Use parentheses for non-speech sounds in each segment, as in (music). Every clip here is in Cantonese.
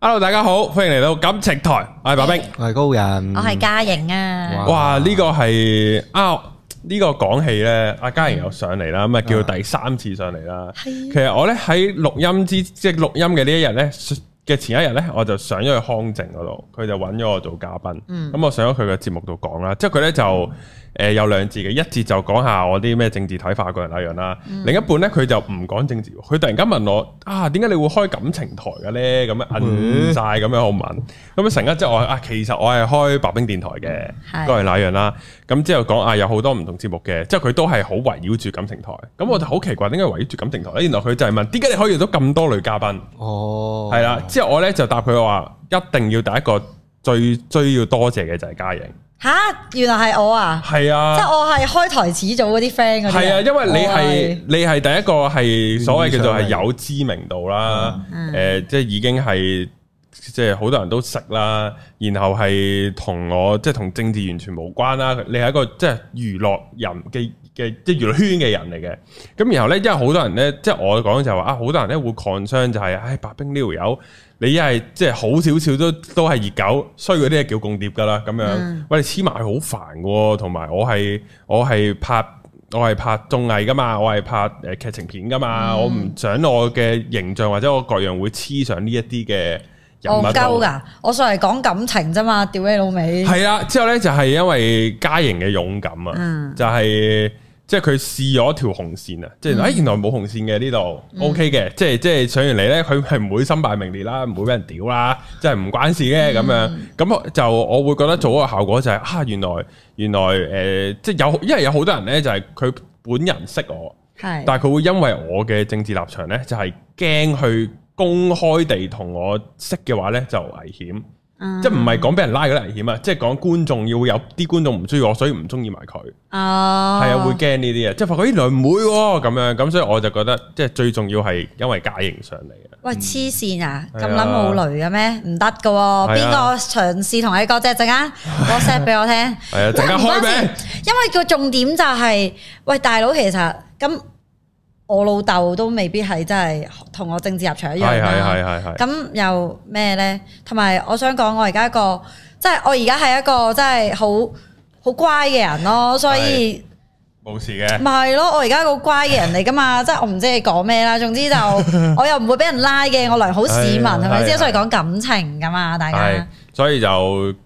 hello，大家好，歡迎嚟到感情台。我係白兵、欸，我係高人，我係嘉盈啊。哇，呢、這個係啊呢、這個講起呢，阿嘉盈又上嚟啦，咁啊、嗯、叫第三次上嚟啦。啊、其實我咧喺錄音之即係錄音嘅呢一日呢，嘅前一日咧，我就上咗去康靜嗰度，佢就揾咗我做嘉賓。咁我上咗佢嘅節目度講啦。即係佢咧就誒有兩節嘅，一節就講下我啲咩政治睇法，嗰樣那樣啦。另一半咧，佢就唔講政治。佢突然間問我啊，點解你會開感情台嘅咧？咁樣摁曬咁樣，好悶。咁一陣間之後，我啊其實我係開白兵電台嘅，嗰樣那樣啦。咁之後講啊，有好多唔同節目嘅。之後佢都係好圍繞住感情台。咁我就好奇怪，點解圍繞住感情台咧？原來佢就係問點解你可以遇到咁多類嘉賓。哦，係啦。即係我咧就答佢話，一定要第一個最需要多謝嘅就係嘉盈。吓，原來係我啊！係啊，即係我係開台始祖嗰啲 friend。係啊，因為你係愛你係第一個係所謂叫做係有知名度啦，誒、呃，即係已經係即係好多人都識啦，然後係同我即係同政治完全無關啦。你係一個即係娛樂人嘅。嘅即係娛樂圈嘅人嚟嘅，咁然後咧，因為好多人咧，即係我講就係、是、話啊，好多人咧會 concern、就是，就係唉，白兵呢條友，你一係即係好少少都都係熱狗衰嗰啲，係叫共諜噶啦咁樣。嗯、喂，黐埋去好煩嘅喎，同埋我係我係拍我係拍綜藝噶嘛，我係拍誒劇情片噶嘛，嗯、我唔想我嘅形象或者我個樣會黐上呢一啲嘅人物、哦。我鳩噶，我純係講感情啫嘛，屌你老味。係啊，之後咧就係、是、因為嘉盈嘅勇敢啊，嗯、就係、是。即係佢試咗條紅線啊！即係原來冇紅線嘅呢度 OK 嘅，即係即係上完嚟咧，佢係唔會身敗名裂啦，唔會俾人屌啦，即係唔關事嘅咁樣。咁就我會覺得做一個效果就係、是、啊，原來原來誒、呃，即係有，因為有好多人咧就係佢本人識我，係是，但係佢會因為我嘅政治立場咧，就係驚去公開地同我識嘅話咧就危險。即係唔係講俾人拉咁危險啊！即係講觀眾要有啲觀眾唔中意我，所以唔中意埋佢。哦，係啊，會驚呢啲嘢！即係發覺咦，梁妹咁樣咁，所以我就覺得即係最重要係因為假型上嚟啊！喂，黐線啊！咁諗冇雷嘅咩？唔得噶！邊個嘗試同你講陣間？whatsapp 俾我聽。係啊，陣間開名。因為個重點就係喂大佬，其實咁。我老豆都未必係真係同我政治立場一樣啦。係係係係。咁又咩咧？同埋我想講，我而家一個即係我而家係一個真係好好乖嘅人咯。所以冇事嘅。唔係咯，我而家一個乖嘅人嚟噶嘛。即係我唔知你講咩啦。總之就我又唔會俾人拉嘅。我良好市民係咪先？所以講感情噶嘛，大家。所以就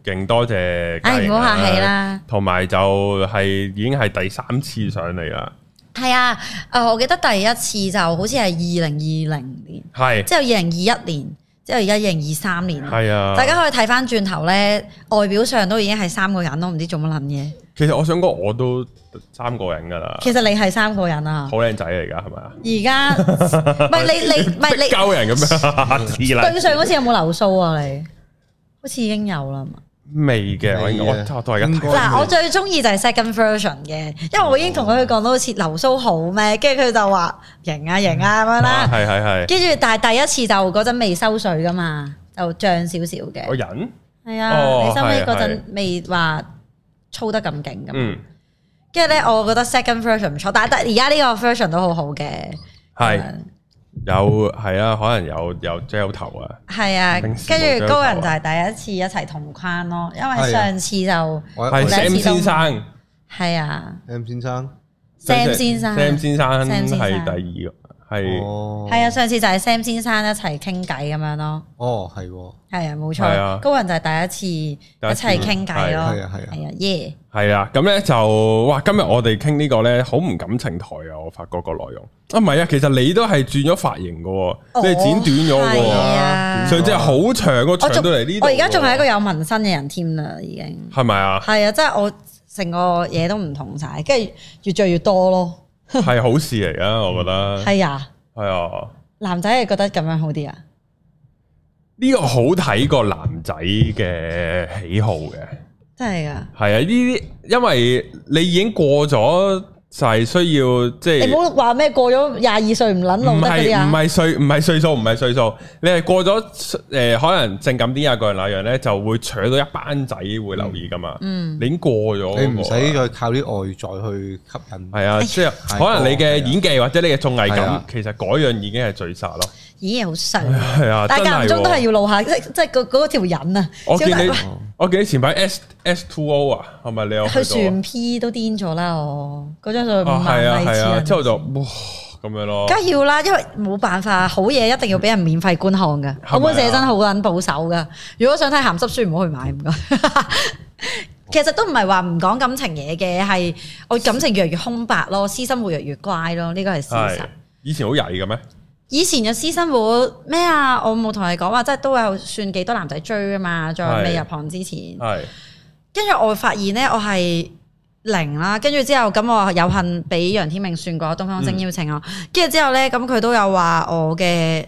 勁多謝。哎，唔好客氣啦。同埋就係已經係第三次上嚟啦。係啊，誒，我記得第一次就好似係二零二零年，係是、啊，之後二零二一年，之後而家二零二三年，係啊，大家可以睇翻轉頭咧，外表上都已經係三個人咯，唔知做乜撚嘢。其實我想講我都三個人噶啦。其實你係三個人啊，好靚仔嚟噶，係咪啊？而家咪你你咪你鳩人咁， (laughs) (laughs) 對上嗰次有冇留鬚啊？你，好似已經有啦。未嘅，未的我我都係一嗱，我最中意就係 second version 嘅，因為我已經同佢講到好似流蘇好咩，跟住佢就話型啊型啊咁、嗯、樣啦。係係係。跟住，但係第一次就嗰陣未收水噶嘛，就漲少少嘅。我忍人。係啊，哦、你收尾嗰陣未話操得咁勁咁。跟住咧，我覺得 second version 唔錯，但係而家呢個 version 都好好嘅。係、嗯。有係啊，可能有有即有頭啊。係啊，跟住、啊、高人就係第一次一齊同框咯，因為上次就係、啊、Sam 先生。係啊，Sam 先生，Sam 先生，Sam 先生係第二個。係，係啊！上次就係 Sam 先生一齊傾偈咁樣咯。哦，係，係啊，冇錯。高人就係第一次一齊傾偈咯，係啊，係啊，耶！係啊，咁咧就哇！今日我哋傾呢個咧，好唔感情台啊！我發覺個內容啊，唔係啊，其實你都係轉咗髮型噶，你剪短咗噶，上次係好長個長到嚟呢度。我而家仲係一個有紋身嘅人添啦，已經係咪啊？係啊，即係我成個嘢都唔同晒，跟住越做越多咯。係 (laughs) 好事嚟啊，我覺得係啊，係啊，男仔係覺得咁樣好啲啊？呢個好睇個男仔嘅喜好嘅，真係啊。係啊，呢啲因為你已經過咗。就係需要即係、就是啊，你唔好話咩過咗廿二歲唔捻路得嘅人，唔係唔係歲唔係歲數唔係歲數，你係過咗誒，可能性感啲啊，嗰人，那樣咧就會搶到一班仔會留意噶嘛。嗯，你已經過咗、那個，你唔使再靠啲外在去吸引。係啊，即、就、係、是、可能你嘅演技或者你嘅綜藝感，哎、呀其實嗰樣已經係最殺咯。咦，好細！啊、但係間中都係要露下，即即嗰嗰條韌啊！我記得，前排 S2O 啊，係咪、啊、你有去過？佢船 P 都癲咗啦！我嗰張相唔係啊，之後就哇咁、哦、樣咯！梗係要啦，因為冇辦法，好嘢一定要俾人免費觀看嘅。我、啊、本寫真好撚保守噶，如果想睇鹹濕書，唔好去買唔該。啊、 (laughs) 其實都唔係話唔講感情嘢嘅，係我感情越嚟越空白咯，私生活越嚟越乖咯，呢個係事實。以前好曳嘅咩？以前嘅私生活咩啊？我冇同你講話，即係都有算幾多男仔追啊嘛，在未入行之前。係跟住我發現咧，我係零啦。跟住之後咁，我有幸俾楊天命算過，東方星邀請我。跟住、嗯、之後咧，咁佢都有話我嘅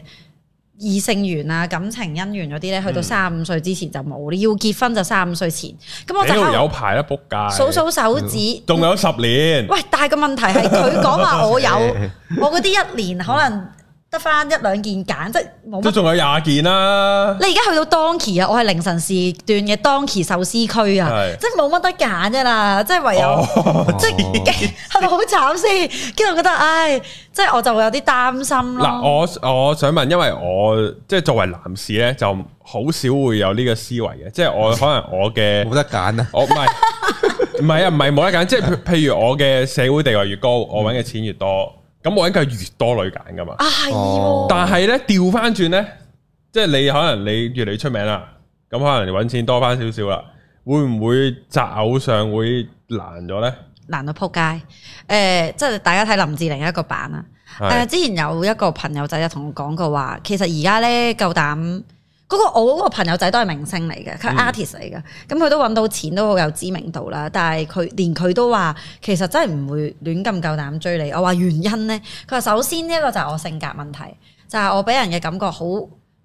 異性緣啊、感情姻緣嗰啲咧，去到三十五歲之前就冇。你要結婚就三十五歲前。咁我就我有排啦，仆街數數手指，仲、嗯、有十年。喂，但係個問題係佢講話我有， (laughs) 我嗰啲一年可能。 (laughs) 得翻一兩件揀，即係冇。都仲有廿件啦，啊！你而家去到當期啊，我係凌晨時段嘅當期壽司區啊是，即係冇乜得揀噶啦，即係唯有，哦哦，即係係咪好慘先？跟住我覺得，唉，哎，即係我就會有啲擔心咯。嗱，我我想問，因為我即係作為男士咧，就好少會有呢個思維嘅，即係我可能我嘅冇得揀啊，我唔係唔係啊，唔係冇得揀，即係譬，譬如我嘅社會地位越高，我搵嘅錢越多。咁我應該係越多女揀噶嘛，啊啊、但係咧調翻轉咧，即係你可能你越嚟越出名啦，咁可能你搵錢多翻少少啦，會唔會擇偶上會難咗咧？難到撲街？誒、呃，即係大家睇林志玲一個版啊！但係，之前有一個朋友仔就同我講過話，其實而家咧夠膽。夠膽不過我嗰個朋友仔都係明星嚟嘅，佢係 artist 嚟嘅，咁佢、嗯、都揾到錢，都好有知名度啦。但係佢連佢都話，其實真係唔會亂咁夠膽追你。我話原因呢，佢話首先呢一個就係我性格問題，就係、是、我俾人嘅感覺好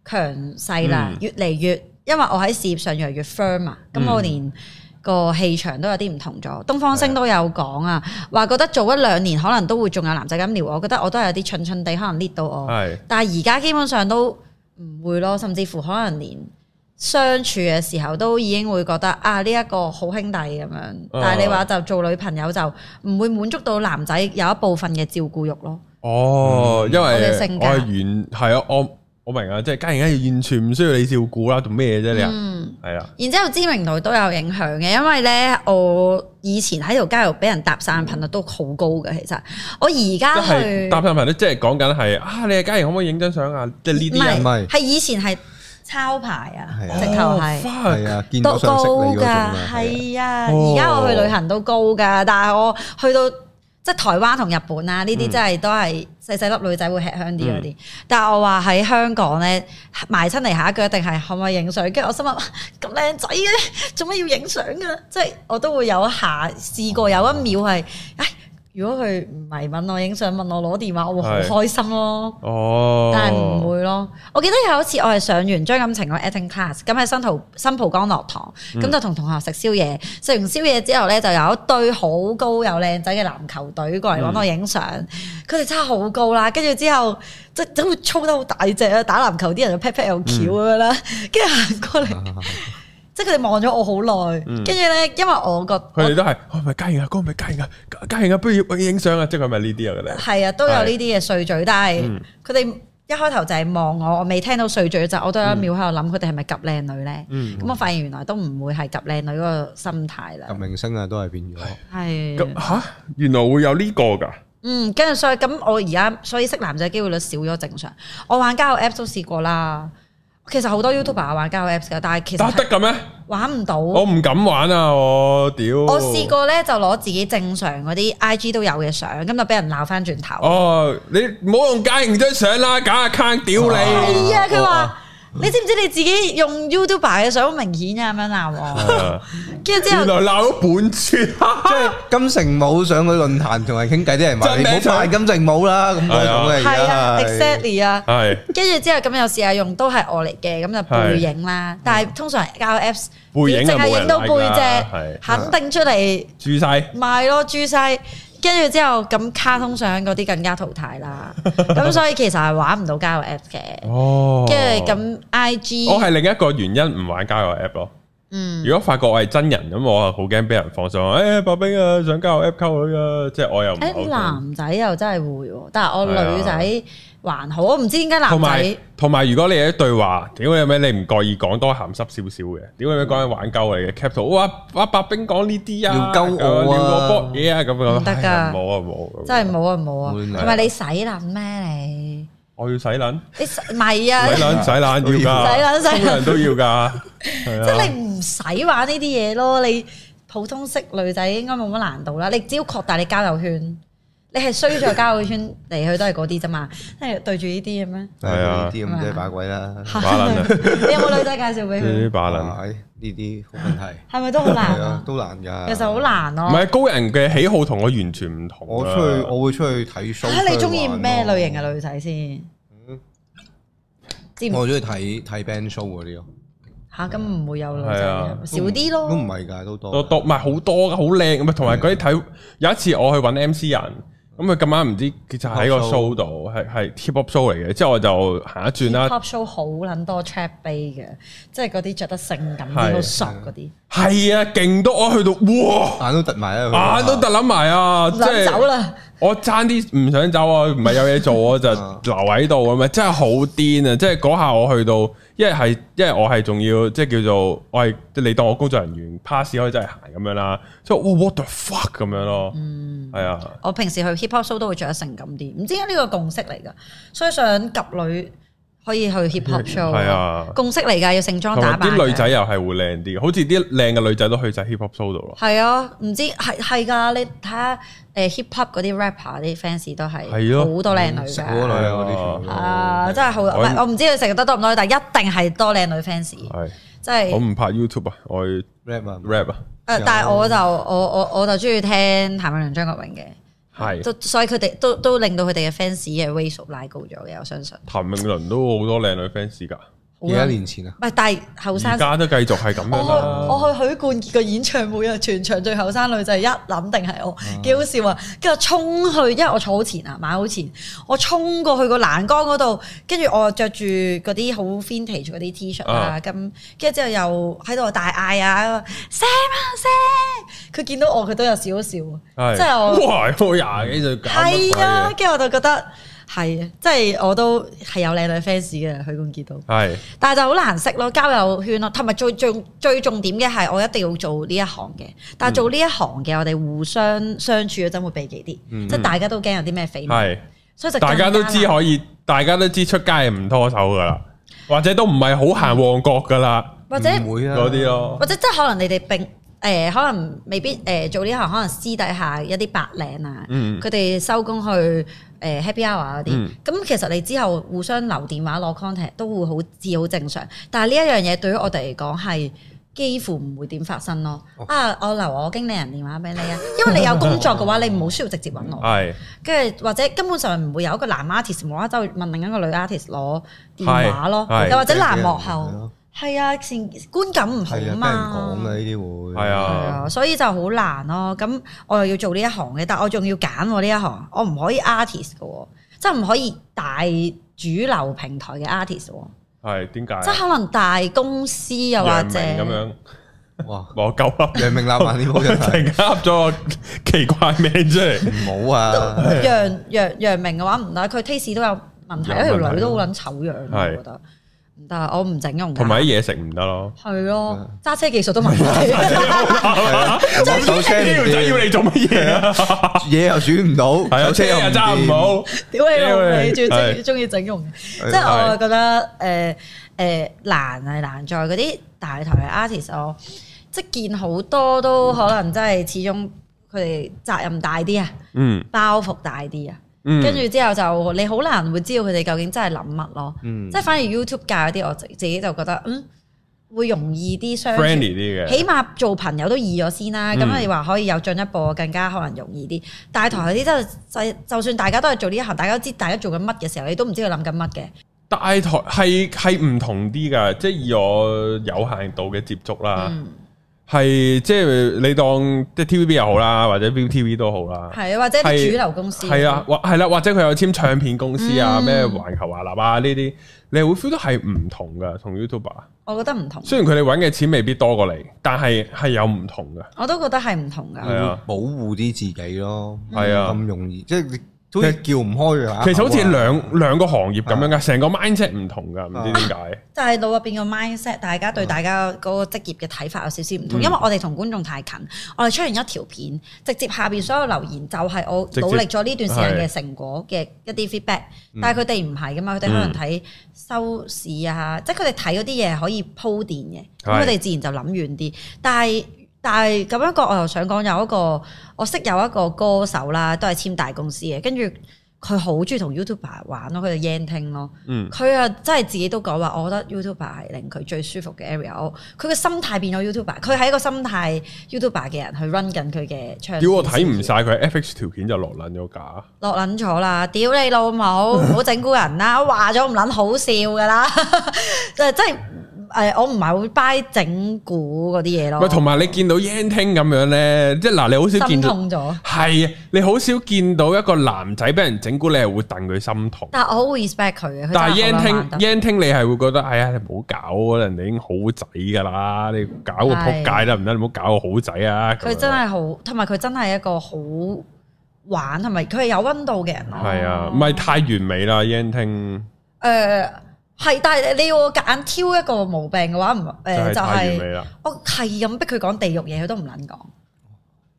強勢啦，嗯、越嚟越，因為我喺事業上越嚟越 firm 啊、嗯。咁我連個氣場都有啲唔同咗。嗯、東方星都有講啊，話的覺得做一兩年可能都會仲有男仔敢撩我，覺得我都係有啲蠢蠢地，可能搣到我。的但係而家基本上都。唔會咯，甚至乎可能連相處嘅時候都已經會覺得啊，呢、這、一個好兄弟咁樣。啊、但係你話就做女朋友就唔會滿足到男仔有一部分嘅照顧欲咯。哦，嗯、因為我嘅性格係啊，我。我明啊，即係嘉盈，完全唔需要你照顧啦，做咩嘢啫你啊？係啊、嗯，了然之後知名度都有影響嘅，因為咧我以前喺條街度俾人搭訕頻率都好高嘅。其實我而家去搭訕頻率即，即係講緊係啊，你嘅嘉盈可唔可以影張相啊？即係呢啲唔係，係是是以前係抄牌啊，直頭係，見到都高噶，係啊。而家、哦、我去旅行都高噶，但係我去到。即係台灣同日本啊，呢啲真係都係細細粒女仔會吃香啲嗰啲。嗯、但係我話喺香港咧，埋親嚟下一句一定係可唔可以影相？跟住我心諗咁靚仔嘅，做咩要影相啊？即係我都會有一下試過有一秒係，哎、嗯。啊如果佢唔係問我影相，問我攞電話，我會好開心咯。哦，oh. 但係唔會咯。我記得有一次我係上完張錦晴嘅 acting class，咁喺新蒲新蒲崗落堂，咁就同同學食宵夜。食完宵夜之後咧，就有一堆好高又靚仔嘅籃球隊過嚟揾我影相。佢哋差好高啦，跟住之後即係都會操得好大隻啊！打籃球啲人就劈劈又翹咁樣啦，跟住行過嚟。啊即係佢哋望咗我好耐，跟住咧，因為我覺佢哋都係，我咪嘉盈啊，哥咪嘉盈啊，嘉盈啊，不如影相啊，即係咪呢啲啊？佢哋係啊，都有呢啲嘅碎嘴，但係佢哋一開頭就係望我，我未聽到碎嘴就，我都有一秒喺度諗，佢哋係咪夾靚女咧？咁我發現原來都唔會係夾靚女個心態啦。夾明星唉啊，都係變咗。係咁吓，原來會有呢個噶？嗯，跟住所以咁，我而家所以識男仔機會率少咗正常。我玩交友 app 都試過啦。其實好多 YouTuber 玩交友 Apps 嘅，但係其實得得咩？玩唔到，我唔敢玩啊！我屌，我試過咧就攞自己正常嗰啲 IG 都有嘅相，咁就俾人鬧翻轉頭。哦，你唔好用假型張相啦，假 account 屌你！係啊，佢話。你知唔知你自己用 YouTube 嘅相好明顯啊，咁樣鬧我，跟住之後，原來鬧咗本尊，即係金城武上嗰個論壇同人傾偈，啲人話，唔好賣金城武啦，咁嗰種嘅，係啊，exactly 啊，係，跟住之後咁又試下用，都係我嚟嘅，咁就背影啦，但係通常教 Apps 背影就影到背脊，係肯定出嚟，注晒賣咯，注晒。跟住之後，咁卡通相嗰啲更加淘汰啦。咁 (laughs) 所以其實係玩唔到交友 app 嘅。哦。跟住咁，I G 我係另一個原因唔玩交友 app 咯。嗯，如果發覺我係真人咁，我啊好驚俾人放上。誒，白兵啊，想加我 app 溝佢啊，即係我又唔。誒，男仔又真係會，但係我女仔還好，唔知點解男仔。同埋，同埋如果你有一對話，點解有咩你唔覺意講多鹹濕少少嘅？點解有咩講緊玩鳩嚟嘅 caption？哇哇，白兵講呢啲啊，要鳩我啊，要我博嘢啊，咁樣唔得㗎，冇啊冇，真係冇啊冇啊，同埋你洗撚咩你？我要洗卵，你唔係啊！洗卵洗卵要噶，所有人都要噶。 (laughs) 啊、即係你唔使玩呢啲嘢咯，你普通識女仔應該冇乜難度啦。你只要擴大你交友圈。你係衰在交友圈嚟去都係嗰啲啫嘛，即係對住呢啲咁樣？係啊，呢啲咁都係把鬼啦，把撚啦。你有冇女仔介紹俾佢？呢啲把撚，係呢啲好問題。係咪都好難啊？都難㗎。其實好難咯。唔係高人嘅喜好同我完全唔同。我出去，我會出去睇 show。嚇，你中意咩類型嘅女仔先？我中意睇睇 band show 嗰啲咯。嚇，咁唔會有女仔少啲咯？都唔係㗎，都多。都多，唔係好多，好靚咁啊！同埋嗰啲睇，有一次我去揾 MC 人。咁佢、嗯、今晚唔知其實喺個 show 度，係係 tip up show 嚟嘅，之後我就行一轉啦。tip up show 好撚多 chat bay 嘅，即係嗰啲着得性感、靚到的熟嗰啲。係啊，勁多我去到哇，眼都凸埋啊，眼都凸撚埋啊！即係、啊就是、走啦，我爭啲唔想走啊，唔係有嘢做我就留喺度咁啊！真係好癲啊！即係嗰下我去到。一係一係我係仲要，要，要即係叫做我係你當我工作人員 pass 可以真係行咁樣啦，所以哇 what the fuck 咁樣咯，係啊、哎呀，我平時去 hip hop show 都會着得性感啲，唔知解呢個共識嚟㗎，所以想夾女。可以去 hip hop show 啊，共識嚟㗎，要盛裝打扮。啲女仔又係會靚啲，好似啲靚嘅女仔都去曬 hip hop show 度咯。係啊，唔知係係㗎，你睇下誒 hip hop 嗰啲 rapper 啲 fans 都係好多靚女嘅。係啊，真係好，我唔知佢成日得多唔多，但係一定係多靚女 fans。係，即係我唔拍 YouTube 啊，我 rap 啊 rap 啊。誒，但係我就我我我就中意聽譚詠麟、張國榮嘅。係，所以佢哋都都令到佢哋嘅 fans 嘅 ratio 拉高咗嘅，我相信。譚詠麟都好多靚女 fans 噶。幾多年前啊？唔係，但係後生家都繼續係咁嘅。我去許冠傑個演唱會啊，全場最後生女仔一諗定係我，幾好笑啊！跟住我衝去，因為我坐好前啊，買好前，我衝過去個欄杆嗰度，跟住我又着住嗰啲好 vintage 嗰啲 T-shirt 啊，咁跟住之後又喺度大嗌啊，Sam 啊 Sam！佢見到我佢都有少少笑，是即係我。哇！廿幾歲咁，係啦、啊，跟住我就覺得。係，即係我都係有靚女 fans 嘅許冠傑都，是但係就好難識咯，交友圈咯，同埋最重最，最重點嘅係我一定要做呢一行嘅，但係做呢一行嘅、嗯、我哋互相相處嘅真會避忌啲，嗯、即係大家都驚有啲咩緋聞，所以大家都知可以，大家都知出街唔拖手噶啦，或者都唔係好行旺角噶啦，或者嗰啲、啊、咯，或者即係可能你哋並誒、呃、可能未必誒做呢行，可能私底下一啲白領啊，佢哋收工去。 (noise) 誒 happy hour 嗰啲，咁、嗯、其實你之後互相留電話攞 contact 都會好至好正常，但係呢一樣嘢對於我哋嚟講係幾乎唔會點發生咯。哦、啊，我留我經理人電話俾你啊，因為你有工作嘅話，你唔好需要直接揾我。係 (laughs) 是，跟住或者根本上唔會有一個男 artist 冇啦，就問另一個女 artist 攞電話咯，又或者男幕後。係啊，前觀感唔好嘛。啊，聽人講呢啲會係啊，啊，所以就好難咯，啊。咁我又要做呢一行嘅，但我仲要揀我呢一行，我唔可以 artist 嘅，即係唔可以大主流平台嘅 artist。係點解即係可能大公司又話啫。咁樣哇，我夠啊！楊明立萬呢個人突然夾咗奇怪咩啫唔好啊，楊楊楊明嘅話唔得，佢 taste 都有問題。一條女都好撚醜樣，我覺得。但係我唔整容，同埋啲嘢，食唔得咯。係咯，揸車技術都問題。揸車要要你做乜嘢啊？嘢又選唔到，揸車又揸唔好，屌你！你最中意中意整容？即係我係覺得誒誒難係難在嗰啲大台 artist，我即係見好多都可能真係始終佢哋責任大啲啊，嗯，包袱大啲啊。跟住、嗯、之後就你好難會知道佢哋究竟真係諗乜咯，即係、嗯、反而 YouTube 界嗰啲，我自己就覺得嗯會容易啲相，friendly 啲嘅，起碼做朋友都易咗先啦、啊。咁你話可以有進一步更加可能容易啲，大台嗰啲真係就算大家都係做呢一行，大家都知大家做緊乜嘅時候，你都唔知佢諗緊乜嘅。大台係係唔同啲㗎，即以我有限度嘅接觸啦。嗯。係即係你當即係 TVB 又好啦，或者 ViuTV 都好啦，係是啊，啊，或者主流公司係啊，或係啦，或者佢有簽唱片公司啊，咩環、嗯、球華納啊呢啲，你會 feel 到係唔同噶，同 YouTuber。我覺得唔同。雖然佢哋搵嘅錢未必多過你，但係係有唔同噶。我都覺得係唔同噶。係啊、保護啲自己咯，係啊、嗯，咁容易即係你。叫唔開啊！其實好似兩兩個行業咁樣噶，成是的 個 mindset 唔同噶，唔是的 知點解、啊。就係、是、腦入邊個 mindset，大家對大家嗰個職業嘅睇法有少少唔同，嗯、因為我哋同觀眾太近，我哋出現一條片，直接下邊所有留言就係我努力咗呢段時間嘅成果嘅一啲 feedback。但係佢哋唔係噶嘛，佢哋可能睇收視啊，嗯、即係佢哋睇嗰啲嘢可以鋪墊嘅，咁佢哋自然就諗遠啲。但係。但係咁樣講，我又想講有一個我識有一個歌手啦，都係簽大公司嘅，跟住佢好鍾意同 YouTuber 玩咯，佢就 Yan Ting 咯，嗯，佢啊真係自己都講話，我覺得 YouTuber 係令佢最舒服嘅 area，佢嘅心態變咗 YouTuber，佢係一個心態 YouTuber 嘅人去 run 緊佢嘅場。屌我睇唔晒佢 FX 條件就落撚咗架，落撚咗啦！屌你老母，唔好整蠱人啦，話咗唔撚好笑㗎啦，誒即係。誒、哎，我唔係會掰整蠱嗰啲嘢咯。喂，同埋你見到 Yan Ting 咁樣咧，即係嗱，你好少見到，係啊，你好少見到一個男仔俾人整蠱，你係會戥佢心痛。但係我好 respect 佢嘅。但係 Yan Ting 你係會覺得哎呀，你唔好搞，人哋已經好仔噶啦，你搞個扑街啦，唔得的，你唔好搞個好仔啊。佢真係好，同埋佢真係一個好玩，同埋佢係有溫度嘅人。係、哦、啊，唔係太完美啦 Yan Ting。誒、呃。係，但係你要夾硬挑一個毛病嘅話，唔誒就係我係咁逼佢講地獄嘢，佢都唔捻講。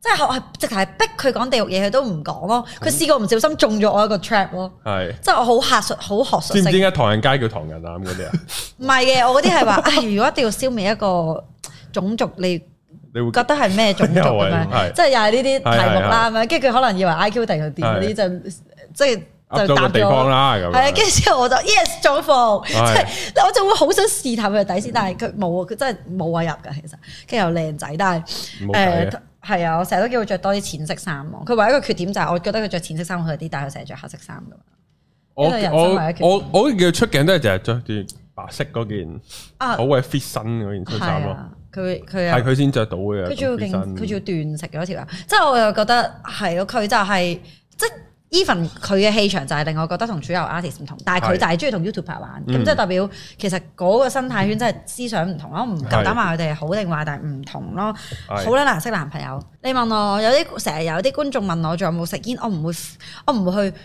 即係我係直頭係逼佢講地獄嘢，佢都唔講咯。佢試過唔小心中咗我一個 trap 咯是。係，即係我好學術，好學術性。知唔知唐人街叫唐人啊？嗰啲啊？唔係嘅，我嗰啲係話，哎，如果一定要消滅一個種族，你你會覺得係咩種族咁樣？即係又係呢啲題目啦，咁樣。跟住佢可能以為 I Q 定係點嗰啲，就即係。是就搭個地方啦，係啊，跟住之後我就 Yes 中服，哎，即係、就是，我就會好想試探佢底線，嗯，但係佢冇，佢真係冇位入㗎其實。跟住又靚仔，但係誒係啊，我成日都叫佢着多啲淺色衫喎。佢唯一嘅缺點就係、是、我覺得佢着淺色衫好啲，但係佢成日着黑色衫㗎嘛。我我我我叫佢出鏡都係成日着住白色嗰件，啊、好鬼 fit 身嗰件衫咯。佢佢係佢先着到嘅。佢仲要佢仲要斷食嗰條啊！即係我又覺得係咯，佢就係、是、即。Even 佢嘅氣場就係令我覺得同主流 artist 唔同，但係佢就係中意同 YouTuber 玩，咁的、嗯、即係代表其實嗰個生態圈真係思想唔同咯。我唔夠膽話佢哋係好定壞，但係唔同咯。好啦，難識男朋友，你問我有啲成日有啲觀眾問我仲有冇食煙，我唔會我唔會去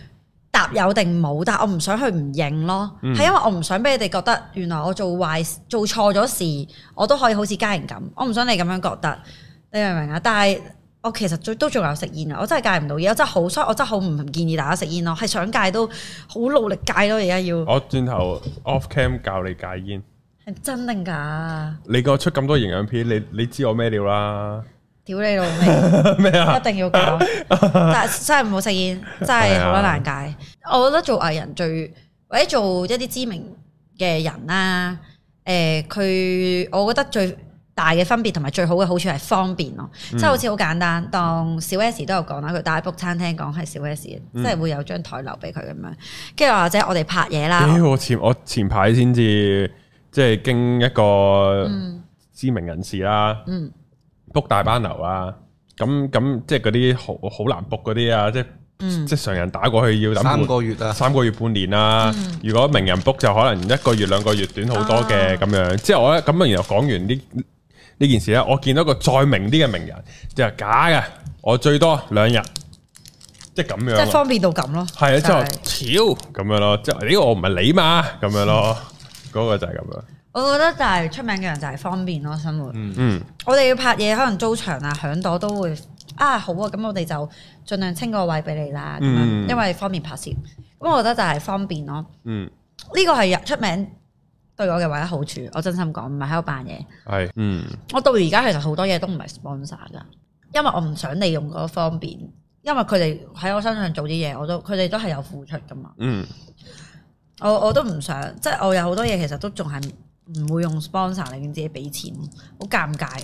答有定冇，但係我唔想去唔認咯，係、嗯、因為我唔想俾你哋覺得原來我做壞做錯咗事，我都可以好似家人咁，我唔想你咁樣覺得，你明唔明啊？但係。我其實最都仲有食煙啊！我真係戒唔到煙，我真係好衰，所以我真係好唔建議大家食煙咯。係想戒都好努力戒咯，而家要。我轉頭 off cam 教你戒煙，係真定假？你個出咁多營養片，你你知我咩料啦？屌你老味！咩啊？一定要戒， (laughs) 但真係唔好食煙，真係好難戒。啊、我覺得做藝人最或者做一啲知名嘅人啦，誒、呃、佢，我覺得最。大嘅分別同埋最好嘅好處係方便咯，即係好似好簡單。當小 S 都有講啦，佢大 book 餐廳講係小 S，即係會有張台留俾佢咁樣。跟住或者我哋拍嘢啦。誒，我前我前排先至即係經一個知名人士啦，嗯，book 大班樓啊，咁咁即係嗰啲好好難 book 嗰啲啊，即係即係常人打過去要等三個月啊，三個月半年啦。如果名人 book 就可能一個月兩個月短好多嘅咁樣。之後我咧咁然後講完啲。呢件事咧，我見到個再明啲嘅名人就係、是、假嘅，我最多兩日，即係咁樣，樣，即係方便到咁咯。係啊，之後，屌咁樣咯，即係，誒，我唔係你嘛，咁樣咯，嗰 (laughs) 個就係咁樣。我覺得就係出名嘅人就係方便咯，生活。嗯，嗯我哋要拍嘢，可能租場啊、響朵都會啊，好啊，咁我哋就盡量清個位俾你啦，咁樣，嗯、因為方便拍攝。咁我覺得就係方便咯。嗯，呢個係出名。對我嘅唯一好處，我真心講，唔係喺度扮嘢。係，嗯。我到而家其實好多嘢都唔係 sponsor 噶，因為我唔想利用嗰個方便，因為佢哋喺我身上做啲嘢，我都佢哋都係有付出噶嘛。嗯。我我都唔想，即係我有好多嘢，其實都仲係唔會用 sponsor 嚟，自己俾錢，好尷尬。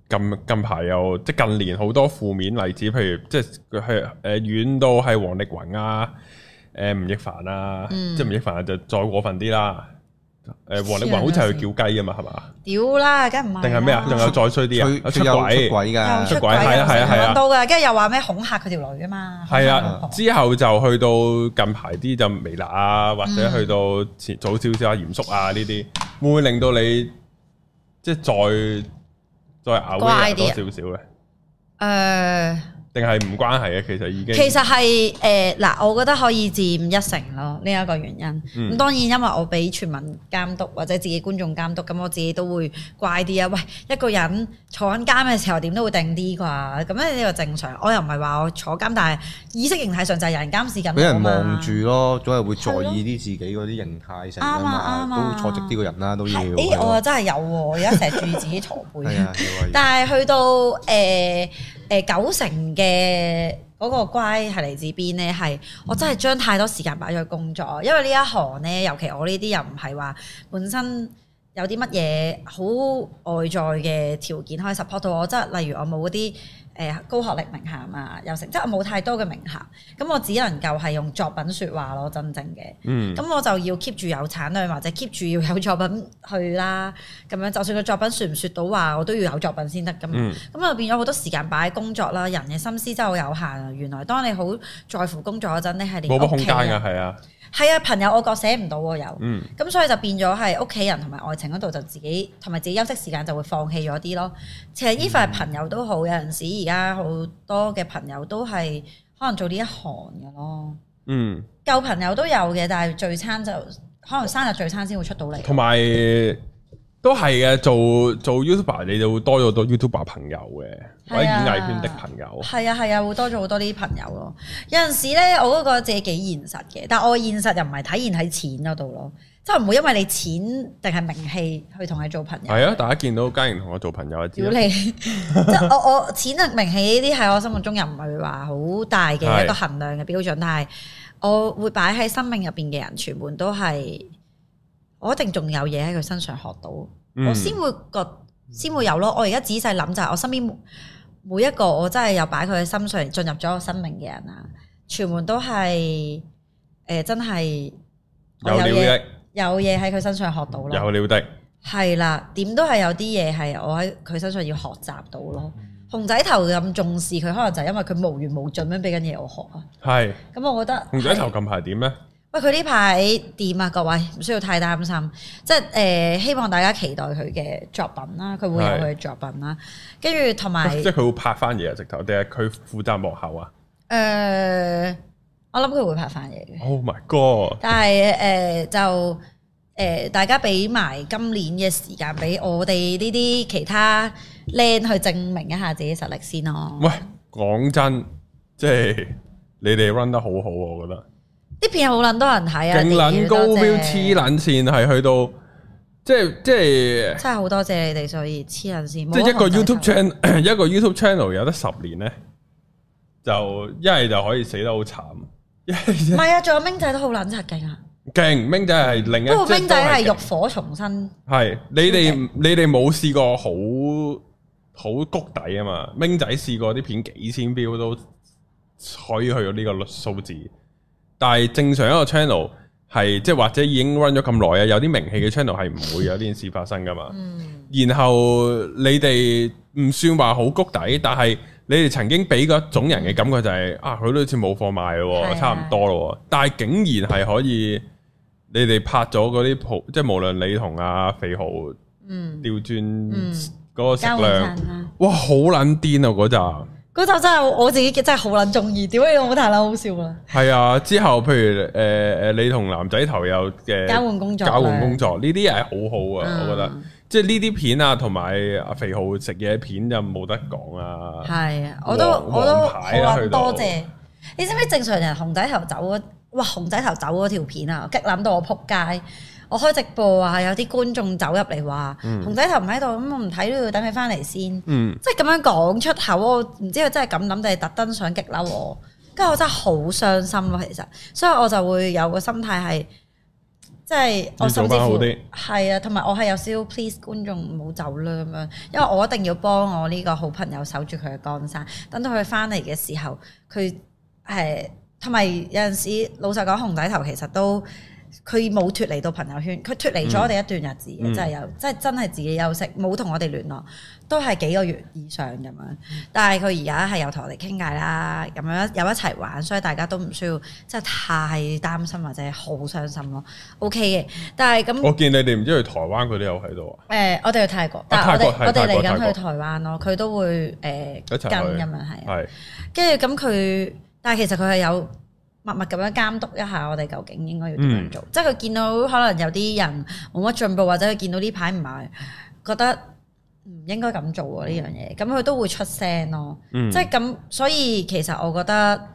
近近排又即係近年好多負面例子，譬如即係佢係誒遠到係王力宏啊、誒吳亦凡啊，嗯、即係吳亦凡就再過分啲啦。誒王力宏好似係叫雞啊嘛，係嘛、嗯？屌啦，梗唔係。定係咩啊？仲有再衰啲啊？出軌出軌噶，出軌係啊係啊係啊，到噶，跟住又話咩恐嚇佢條女啊嘛？係啊，之後就去到近排啲就微辣啊，或者去到早少少啊嚴肅啊呢啲，會唔會令到你即係再？再矮啲少少嘅，誒呢。Uh 定係唔關係呀，其實已經其實係誒嗱，我覺得可以佔一成咯，呢、這、一個原因。咁、嗯、當然因為我俾全民監督或者自己觀眾監督，咁我自己都會乖啲啊。喂，一個人坐緊監嘅時候，點都會定啲啩？咁樣呢個正常。我又唔係話我坐監，但係意識形態上就係有人監視緊啦。俾人望住咯，總係會在意啲自己嗰啲形態成。啱啊啱都坐直啲個人啦，都要。誒、欸、吧我真係有喎，而家成日注意自己坐背， (laughs) 吧但係去到誒。呃誒九成嘅嗰個乖係嚟自邊咧？係我真係將太多時間擺咗去工作，因為呢一行咧，尤其我呢啲又唔係話本身有啲乜嘢好外在嘅條件可以 support 到我，即係例如我冇嗰啲。誒、欸、高學歷名銜嘛，又成即係我冇太多嘅名銜，咁我只能夠係用作品説話咯，真正嘅。嗯，咁我就要 keep 住有產量或者 keep 住要有作品去啦，咁樣就算個作品説唔説到話，我都要有作品先得噶嘛。咁啊、嗯、變咗好多時間擺喺工作啦，人嘅心思真係好有限啊。原來當你好在乎工作嗰陣，你係連冇個空間㗎，係啊裡。係啊，朋友我覺寫唔到有，咁、嗯、所以就變咗係屋企人同埋愛情嗰度就自己同埋自己休息時間就會放棄咗啲咯。其實呢塊朋、嗯、朋友都好，有陣時而家好多嘅朋友都係可能做呢一行嘅咯。嗯，舊朋友都有嘅，但係聚餐就可能生日聚餐先會出到嚟。同埋。都係嘅，做做 YouTuber 你就會多咗多 YouTuber 朋友嘅，啊、或者演藝圈的朋友。係啊係啊，會多咗好多啲朋友咯。有陣時咧，我覺得自己幾現實嘅，但係我現實又唔係體現喺錢嗰度咯，即係唔會因為你錢定係名氣去同你做朋友。係啊，的大家見到嘉盈同我做朋友啊，只要你即係我 (laughs) (laughs) 我錢啊名氣呢啲喺我心目中又唔係話好大嘅一個衡量嘅標準，的但係我會擺喺生命入邊嘅人，全部都係。我一定仲有嘢喺佢身上學到，嗯、我先會覺先會有咯。我而家仔細諗就係、是、我身邊每一個我真係有擺佢喺心上進入咗我生命嘅人啊，全部都係誒、呃、真係有嘢，有嘢喺佢身上學到啦。有料的係啦，點都係有啲嘢係我喺佢身上要學習到咯。熊、嗯、仔頭咁重視佢，可能就係因為佢無完無盡咁俾緊嘢我學啊。係是，咁、嗯、我覺得熊仔頭近排點咧？喂，佢呢排點啊？各位唔需要太擔心，即係誒、呃，希望大家期待佢嘅作品啦，佢會有佢嘅作品啦，跟住同埋即係佢會拍翻嘢啊，直頭定係佢負責幕後啊？誒、呃，我諗佢會拍翻嘢嘅。Oh my god！但係誒、呃，就誒、呃，大家俾埋今年嘅時間俾我哋呢啲其他靚去證明一下自己實力先咯。喂，講真，即係你哋 run 得好好，啊，我覺得。啲片好撚多人睇啊！勁撚害腰高標黐撚線，係去到即係即係，真係好多謝你哋，所以黐撚線。即係一個 YouTube channel，一個 YouTube channel 有得十年咧，就一係就可以死得好慘。唔係、嗯、 (laughs) 啊，仲有明仔都好撚柒嘅，勁！明仔係另一，不過明仔係浴火重生。係你哋你哋冇試過好好谷底啊嘛！明仔試過啲片幾千標都可以去到呢個數字。但係正常一個 channel 係即係或者已經 run 咗咁耐啊，有啲名氣嘅 channel 係唔會有呢件事發生噶嘛。嗯、然後你哋唔算話好谷底，但係你哋曾經俾嗰種人嘅感覺就係、是嗯、啊，佢都好似冇貨賣咯，啊、差唔多咯。但係竟然係可以，你哋拍咗嗰啲普即係無論你同阿肥豪、嗯、調轉嗰個食量，嗯嗯啊、哇好撚癲啊嗰集！嗰套真係我自己真係好捻中意，屌解我冇睇好笑啊？係啊，之後譬如誒誒、呃，你同男仔頭有嘅交換工作，交換工作呢啲係好好啊！嗯、我覺得即係呢啲片啊，同埋阿肥豪食嘢片就冇得講啊！係啊，我都王我都好啦，啊、多謝！到你知唔知正常人熊仔頭走嗰哇熊仔頭走嗰條片啊，激撚到我撲街。我開直播啊，有啲觀眾走入嚟話：熊仔、嗯、頭唔喺度，咁我唔睇都要等佢翻嚟先。嗯、即係咁樣講出口，我唔知佢真係咁諗定係特登想激嬲我，跟住我真係好傷心咯。其實，所以我就會有個心態係，即係我甚至乎係啊，同埋我係有少少 please 觀眾唔好走啦咁樣，因為我一定要幫我呢個好朋友守住佢嘅江山，等到佢翻嚟嘅時候，佢係同埋有陣時老實講，熊仔頭其實都。佢冇脫離到朋友圈，佢脫離咗我哋一段日子，真係、嗯、有，即、就、係、是、真係自己休息，冇同我哋聯絡，都係幾個月以上咁樣。但係佢而家係有同我哋傾偈啦，咁樣有一齊玩，所以大家都唔需要真係太擔心或者好傷心咯。O K 嘅，但係咁我見你哋唔知去台灣、啊，佢都有喺度誒，我哋去泰國，啊、泰國但係我哋嚟緊去台灣咯，佢都會誒、呃、一齊咁樣係，跟住咁佢，但係其實佢係有。默默咁樣監督一下，我哋究竟應該要點樣做？嗯、即係佢見到可能有啲人冇乜進步，或者佢見到呢排唔係覺得唔應該咁做呢、嗯、樣嘢，咁佢都會出聲咯。即係咁，所以其實我覺得，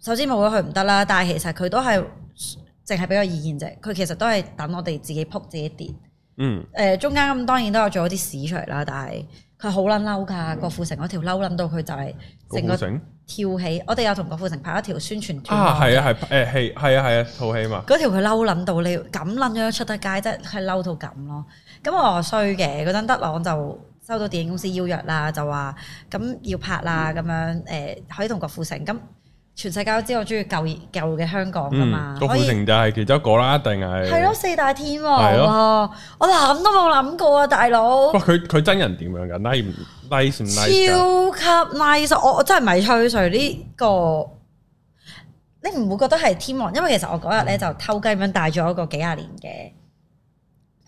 首先冇咗佢唔得啦，但係其實佢都係淨係俾個意見啫。佢其實都係等我哋自己撲自己跌。嗯，誒、呃，中間咁當然都有做咗啲市出嚟啦，但係。佢好撚嬲㗎，嗯、郭富城嗰條嬲撚到佢就係成個跳起。啊、跳起我哋有同郭富城拍一條宣傳片啊，係啊，係誒，係、欸、係啊，係啊，套戲嘛。嗰條佢嬲撚到你咁撚咗出得街，即係嬲到咁咯。咁我衰嘅嗰陣，德朗就收到電影公司邀約啦，就話咁要拍啦，咁、嗯、樣誒、呃、可以同郭富城咁。全世界都知道我中意舊舊嘅香港噶嘛，郭富、嗯、富城就係其中一個啦，一定係。係咯，四大天王，啊。係咯的，我諗都冇諗過啊，大佬。哇、哦，佢佢真人點樣噶？Nice，nice，super nice！我 nice，哦、我真係唔係吹水呢，嗯，呢個，你唔會覺得係天王，因為其實我嗰日咧就偷雞咁樣帶咗一個幾廿年嘅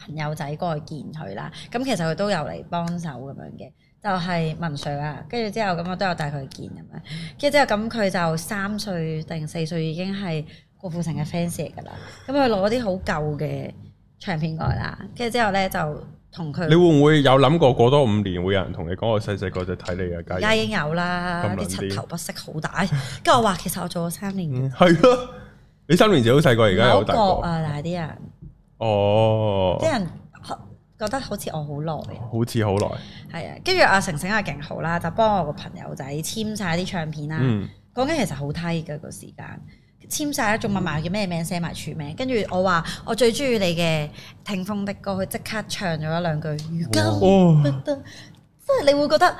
朋友仔過去見佢啦。咁其實佢都有嚟幫手咁樣嘅。就係文瑞啦、啊，跟住之後咁我都有帶佢去見咁樣，跟住之後咁佢就三歲定四歲已經係郭富城嘅 fans 嚟噶啦，咁佢攞啲好舊嘅唱片過嚟啦，跟住之後咧就同佢，你會唔會有諗過,過過多五年會有人同你講我細細個就睇你嘅、啊？而家已經有啦，啲七頭八色好大，跟住我話其實我做咗三年，係、 (laughs) 嗯啊、你三年前好細個，而家有大個啊大啲人，哦，即係。覺得好似我好耐，啊、晨晨好似好耐，係啊！跟住阿成成阿勁好啦，就幫我個朋友仔簽晒啲唱片啦。嗯、講緊其實好細嘅個時間，簽晒一種問埋叫咩名寫埋署名，跟住我話我最鍾意你嘅聽風的歌，佢即刻唱咗一兩句如今的，即係你會覺得。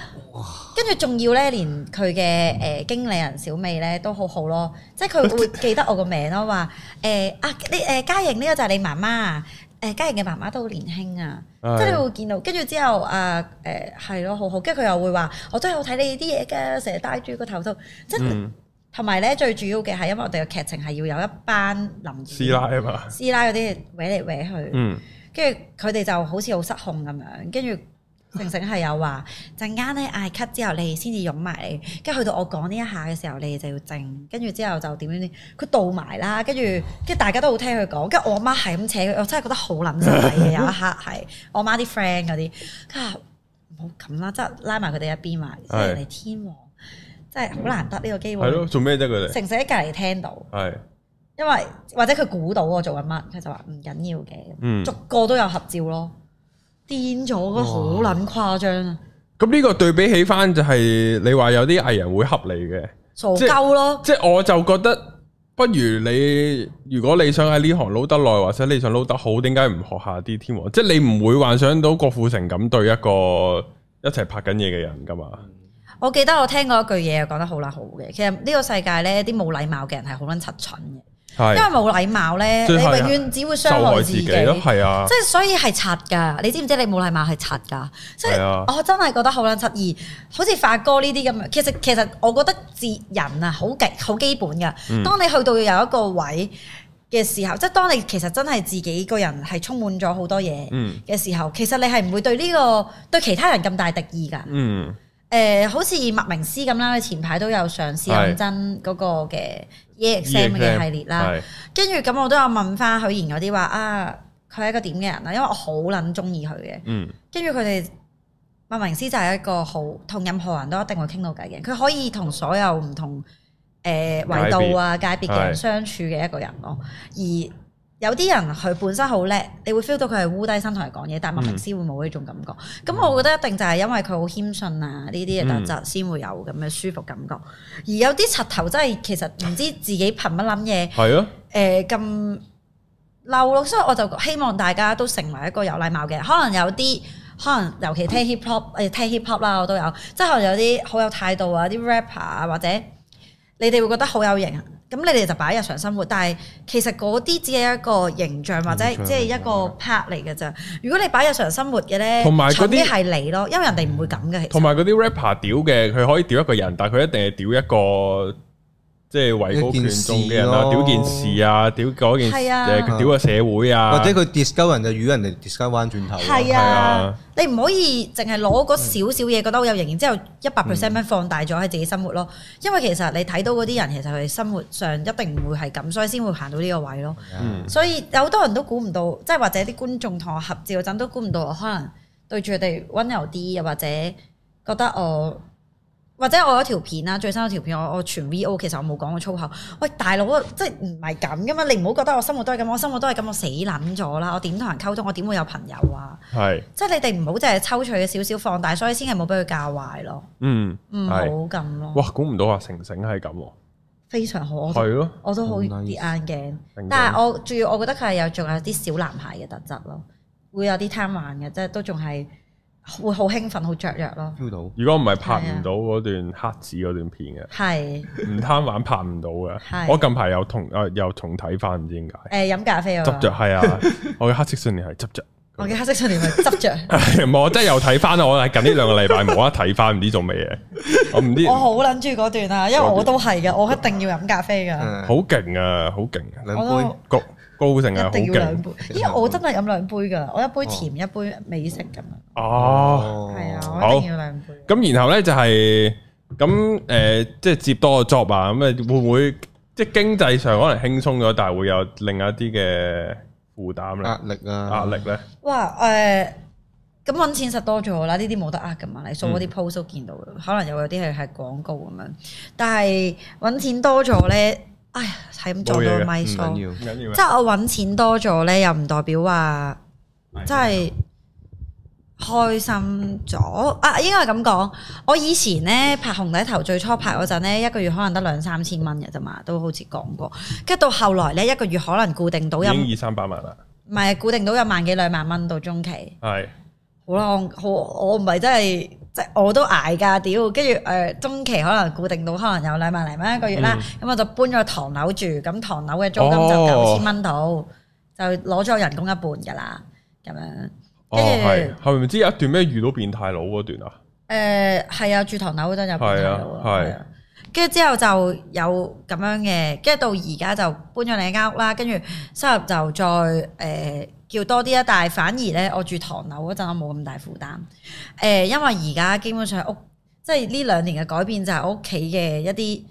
跟住仲要咧，連佢嘅誒經理人小美咧都好好咯，即係佢會記得我個名咯，話誒、欸、啊你誒嘉盈呢個就係你媽媽。誒家人嘅媽媽都好年輕啊，即係的你會見到，跟住之後啊誒係咯，好、呃、好，跟住佢又會話，我都係好睇你啲嘢嘅，成日戴住個頭套，即係同埋咧最主要嘅係因為我哋嘅劇情係要有一班臨師奶啊嘛，師奶嗰啲歪嚟歪去，跟住佢哋就好似好失控咁樣，跟住。成成係有話，陣間咧嗌咳之後，你哋先至湧埋嚟。跟住去到我講呢一下嘅時候，你哋就要靜。跟住之後就點樣點？佢倒埋啦。跟住，跟住大家都好聽佢講。跟住我媽係咁扯佢，我真係覺得好撚犀利嘅。 (laughs) 有一刻係我媽啲 friend 嗰啲，家下唔好咁啦，即係拉埋佢哋一邊埋。即係嚟天王，真係好難得呢個機會。係咯，做咩啫佢哋？成成喺隔籬聽到，係的因為或者佢估到我做緊乜，佢就話唔緊要嘅。嗯，逐個都有合照咯。癲咗都，好撚誇張啊！咁呢、哦、個對比起翻，就係你話有啲藝人會恰你嘅，傻鳩咯。即係我就覺得，不如你如果你想喺呢行撈得耐，或者你想撈得好，點解唔學下啲天王？即係你唔會幻想到郭富城咁對一個一齊拍緊嘢嘅人噶嘛？我記得我聽過一句嘢，講得好撚好嘅。其實呢個世界呢，啲冇禮貌嘅人係好撚柒蠢嘅。因為冇禮貌咧，你永遠只會傷害自己。係啊，即係所以係賊噶，你知唔知你禮？你冇禮貌係賊噶，即係是、啊、我真係覺得好捻柒意，好似發哥呢啲咁啊，其實其實我覺得接人啊好極好基本噶。當你去到有一個位嘅時候，即係、嗯、當你其實真係自己個人係充滿咗好多嘢嘅時候，嗯、其實你係唔會對呢、這個對其他人咁大敵意噶。嗯。誒、呃，好似麥明詩咁啦，佢前排都有上《試當是、嗯、真》嗰、那個嘅 e x m 嘅系列啦，跟住咁我都有問翻許賢嗰啲話啊，佢係一個點嘅人啦，因為我好撚中意佢嘅，跟住佢哋麥明詩就係一個好同任何人都一定會傾到偈嘅，佢可以同所有唔同誒維度啊界別嘅人是相處嘅一個人咯，而。有啲人佢本身好叻，你會 feel 到佢係烏低身同人講嘢，但係麥明詩會冇呢種感覺。咁、嗯、我覺得一定就係因為佢好謙遜啊呢啲嘅特質先會有咁嘅舒服感覺。嗯、而有啲柒頭真係其實唔知自己憑乜諗嘢，誒咁嬲咯。所以我就希望大家都成為一個有禮貌嘅。可能有啲可能尤其聽 hip hop 誒、嗯、聽 hip hop 啦，我都有，即係可能有啲好有態度啊，啲 rapper 啊或者你哋會覺得好有型。咁你哋就擺日常生活，但係其實嗰啲只係一個形象或者即係一個 part 嚟嘅咋。如果你擺日常生活嘅咧，同埋嗰啲係你咯，因為人哋唔會咁嘅。同埋嗰啲 rapper 屌嘅，佢實可以屌一個人，但係佢一定係屌一個。即係圍攻羣眾嘅人啊，屌件事啊，屌嗰件事，啊，誒佢屌個社會啊，或者佢 discour 人就與人哋 discour 返轉頭，啊，啊你唔可以淨係攞嗰少少嘢覺得好有型然，然之後一百 percent 咁放大咗喺自己生活咯，嗯、因為其實你睇到嗰啲人其實佢哋生活上一定唔會係咁，所以先會行到呢個位咯。嗯、所以有好多人都估唔到，即係或者啲觀眾同我合照嗰陣都估唔到，我可能對住佢哋温柔啲，又或者覺得我。或者我有條片啦，最新嗰條片我我全 V.O. 其實我冇講過粗口。喂，大佬，即係唔係咁噶嘛？你唔好覺得我生活都係咁，我生活都係咁，我死諗咗啦！我點同人溝通？我點會有朋友啊？係是，即係你哋唔好淨係抽取少少放大，所以先係冇俾佢教壞咯。嗯，唔好咁咯。哇，估唔到啊，成成係咁喎，非常好。係咯，我都好跌的眼鏡。Nice, 但係我仲要，經我覺得佢係有仲有啲小男孩嘅特質咯，會有啲貪玩嘅，即係都仲係。會好興奮，好雀躍咯。feel 到，如果唔係拍唔到嗰段黑字嗰段片嘅，係唔貪玩拍唔到嘅。我近排又同又又重睇翻，唔知點解。誒，飲咖啡啊。執着，係啊，我嘅黑色信念係執着。我嘅黑色信念係執著。我真係又睇翻啊！我係近呢兩個禮拜冇得睇翻唔知做咩嘢？我唔知。我好捻住嗰段啊，因為我都係噶，我一定要飲咖啡噶。好勁啊！好勁啊！兩杯 Go 高成啊，一定要兩杯，因為我真係飲兩杯噶，我一杯甜，哦、一杯美食咁樣。哦，係啊，我一定要兩杯。咁然後咧就係咁誒，即係接多個 job 啊，咁誒會唔會即係經濟上可能輕鬆咗，但係會有另一啲嘅負擔咧，壓力啊，壓力咧？哇誒，咁、呃、揾錢實多咗啦，呢啲冇得壓噶嘛，你掃嗰啲 post 都見到，嗯、可能又有啲係係廣告咁樣，但係揾錢多咗咧。 (laughs) 哎呀，喺咁做到咪數，即係我揾錢多咗呢，又唔代表話真係開心咗啊！應該係咁講。我以前呢，拍紅底頭最初拍嗰陣呢，一個月可能得兩三千蚊嘅啫嘛，都好似講過。跟住到後來呢，一個月可能固定到有已經二三百萬啦，唔係固定到有一萬幾兩萬蚊到中期。係是，好啦，我唔係真係。我都捱㗎，屌！跟住誒中期可能固定到，可能有兩萬零蚊一個月啦。咁、嗯、我就搬咗去唐樓住，咁唐樓嘅租金就九千蚊度，哦、就攞咗人工一半㗎啦。咁樣跟住係咪唔知一段咩遇到變態佬嗰段啊？誒係、呃、啊，住唐樓嗰陣有變態佬啊，跟住之後就有咁樣嘅，跟住到而家就搬咗另一間屋啦。跟住收入住就再誒。呃呃叫多啲啊！但係反而咧，我住唐樓嗰陣，我冇咁大負擔。誒、呃，因為而家基本上屋，即係呢兩年嘅改變就係屋企嘅一啲誒、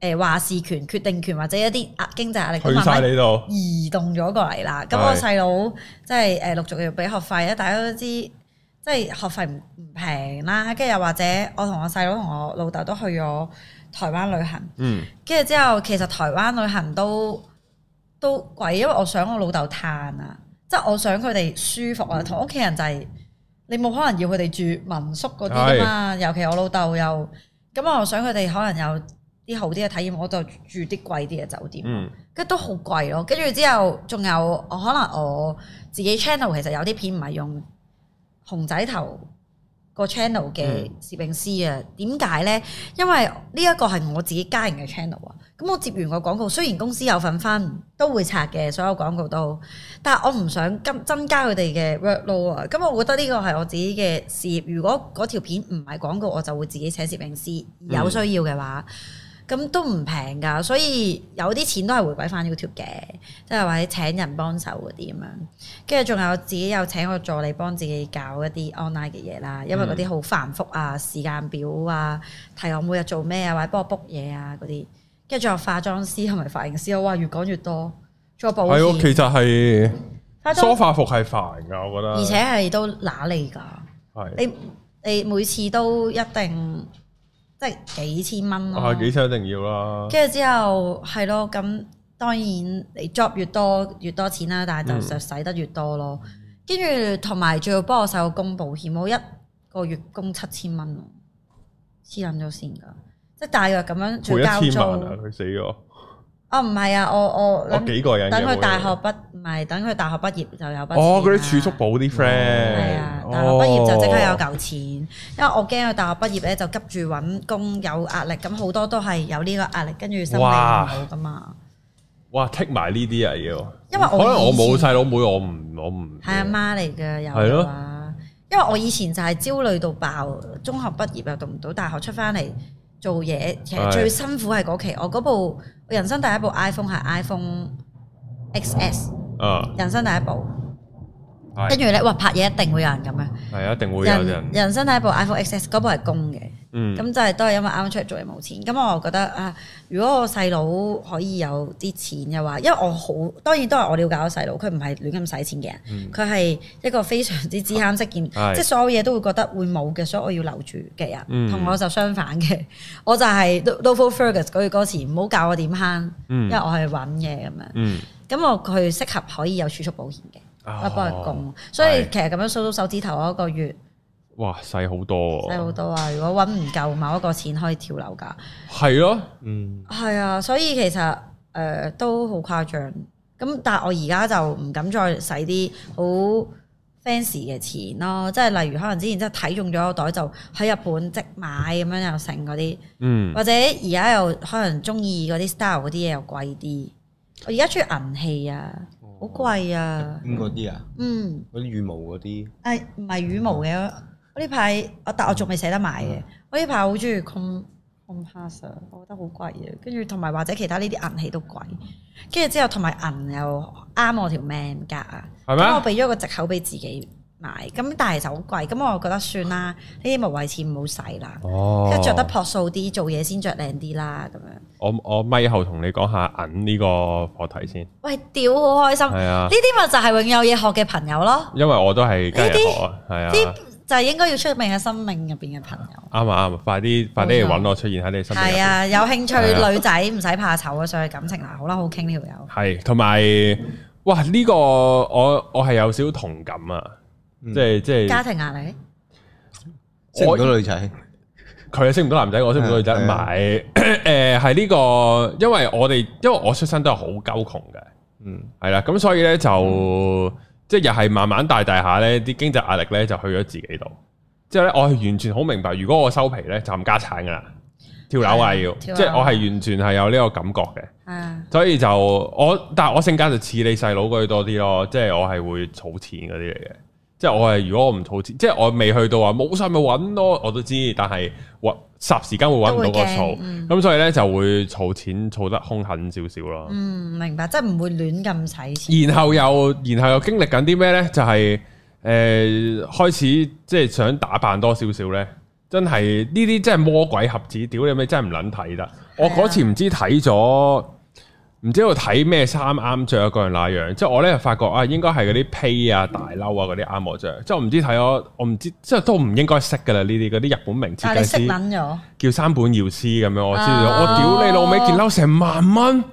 呃、話事權、決定權或者一啲壓經濟壓力慢慢移動咗過嚟啦。咁的我細佬即係誒陸續要俾學費啦，大家都知即係學費唔唔平啦。跟住又或者我同我細佬同我老豆都去咗台灣旅行。嗯，跟住之後其實台灣旅行都都貴，因為我想我老豆嘆啊。即我想佢哋舒服啊，同屋企人就係、是、你冇可能要佢哋住民宿嗰啲嘛，是尤其我老豆又咁啊，我想佢哋可能有啲好啲嘅體驗，我就住啲貴啲嘅酒店，嗯，跟住都好貴咯。跟住之後仲有我可能我自己 channel 其實有啲片唔係用熊仔頭。個 channel 嘅攝影師啊，點解呢？因為呢一個係我自己家人嘅 channel 啊，咁我接完個廣告，雖然公司有份分，都會拆嘅所有廣告都，但係我唔想增加佢哋嘅 workload 啊。咁我覺得呢個係我自己嘅事業，如果嗰條片唔係廣告，我就會自己請攝影師，有需要嘅話。咁都唔平噶，所以有啲錢都係回歸翻 YouTube 嘅，即係或者請人幫手嗰啲咁樣，跟住仲有自己有請個助理幫自己搞一啲 online 嘅嘢啦，因為嗰啲好繁複啊，時間表啊，提我每日做咩啊，或者幫我 book 嘢啊嗰啲，跟住仲有化妝師同埋髮型師，我話越講越多，仲有保。係啊，其實係梳化服係煩噶，我覺得，而且係都揦脷噶，的你你每次都一定。即係幾千蚊咯、啊，係、啊、幾千一定要啦。跟住之後係咯，咁當然你 job 越多越多錢啦，但係就實使得越多咯。跟住同埋仲要幫我晒個供保險，我一個月供七千蚊啊，黐捻咗先噶，即係大約咁樣。每倍 一千萬啊，佢死咗。我唔係啊，我我等佢、哦、大學畢唔係等佢大學畢業就有筆錢。哦，嗰啲儲蓄保啲 friend。係啊，大學畢業就即刻有嚿錢，哦、因為我驚佢大學畢業咧就急住揾工有壓力，咁好多都係有呢個壓力跟住心理唔好噶嘛哇。哇，剔埋呢啲啊要，喎！因為我、嗯、可能我冇細佬妹，我唔我唔係阿媽嚟嘅，又係咯。啊、因為我以前就係焦慮到爆，中學畢業又讀唔到大學，出翻嚟。做嘢其實最辛苦係嗰期，我部我人生第一部 iPhone 係 iPhone XS，Oh. 人生第一部，跟住咧，哇拍嘢一定會有人咁樣，係一定會有人人，人生第一部 iPhone XS 嗰部係公嘅。咁就係都係因為啱出嚟做嘢冇錢，咁我覺得啊，如果我細佬可以有啲錢嘅話，因為我好當然都係我了解我細佬，佢唔係亂咁使錢嘅人，佢係、嗯、一個非常之知慳識儉，哦、即係所有嘢都會覺得會冇嘅，所以我要留住嘅人，同、嗯、我就相反嘅，我就係 Lowell Fergus 嗰句歌詞：唔、no、好、er、教我點慳，嗯、因為我係揾嘅咁樣。咁、嗯嗯、我佢適合可以有儲蓄保險嘅，幫佢供、嗯嗯，所以其實咁樣數數手指頭嗰個月。哇，使好多喎！使好多啊！如果揾唔夠某一個錢，可以跳樓噶。係咯、啊，嗯。係啊，所以其實誒、呃、都好誇張。咁但係我而家就唔敢再使啲好 fancy 嘅錢咯。即係例如可能之前真係睇中咗個袋，就喺日本即買咁樣又勝嗰啲。嗯。或者而家又可能鍾意嗰啲 style 嗰啲嘢又貴啲。我而家鍾意銀器啊，好貴啊。邊嗰啲啊？嗯。嗰啲羽毛嗰啲。誒、哎，唔係羽毛嘅。嗯。我呢排我但我仲未捨得買嘅，我呢排好中意 comp compaser，我覺得好貴啊。跟住同埋或者其他呢啲銀器都貴，跟住之後同埋銀又啱我條命格啊。係咩？咁我俾咗個借口俾自己買，咁但係就好貴，咁我覺得算啦，呢啲無謂錢唔好使啦。哦，着得樸素啲，做嘢先着靚啲啦，咁樣。我我咪後同你講下銀呢個課題先。喂，屌好開心！係啊。呢啲咪就係永有嘢學嘅朋友咯。因為我都係，係啊。就係應該要出名喺生命入邊嘅朋友。啱啊啱啊，快啲快啲嚟搵我出現喺你身。係啊，有興趣女仔唔使怕醜啊，所以感情啊好啦，好傾呢條友。係，同埋哇呢個我我係有少少同感啊，即係即係家庭壓力。識唔到女仔，佢係識唔到男仔，我識唔到女仔，唔係誒係呢個，因為我哋因為我出身都係好鳩窮嘅，嗯係啦，咁所以咧就。即係又係慢慢大大，大下咧，啲經濟壓力咧就去咗自己度。之後咧，我係完全好明白，如果我收皮咧，就唔加產噶啦，跳樓啊要，即係我係完全係有呢個感覺嘅。啊、所以就我，但係我性格就似你細佬嗰啲多啲咯。即係我係會儲錢嗰啲嚟嘅。即係我係如果我唔儲錢，即係我未去到話，冇晒咪搵咯。我都知，但係搵。霎時間會揾唔到個數，咁、嗯、所以咧就會儲錢儲得兇狠少少咯。嗯，明白，即係唔會亂咁使錢。然後又，然後又經歷緊啲咩咧？就係、是、誒、呃、開始即係、就是、想打扮多少少咧，真係呢啲真係魔鬼盒子，屌你咩真係唔撚睇得。我嗰次唔知睇咗。的唔知道睇咩衫啱着一個人那樣。即係我咧，就發覺啊，應該係嗰啲披啊、大褸啊嗰啲啱我着。即係我唔知睇咗，我唔知，即係都唔應該識噶啦呢啲嗰啲日本名設計師，叫山本耀司咁樣，我知。我屌你老味件褸成萬蚊，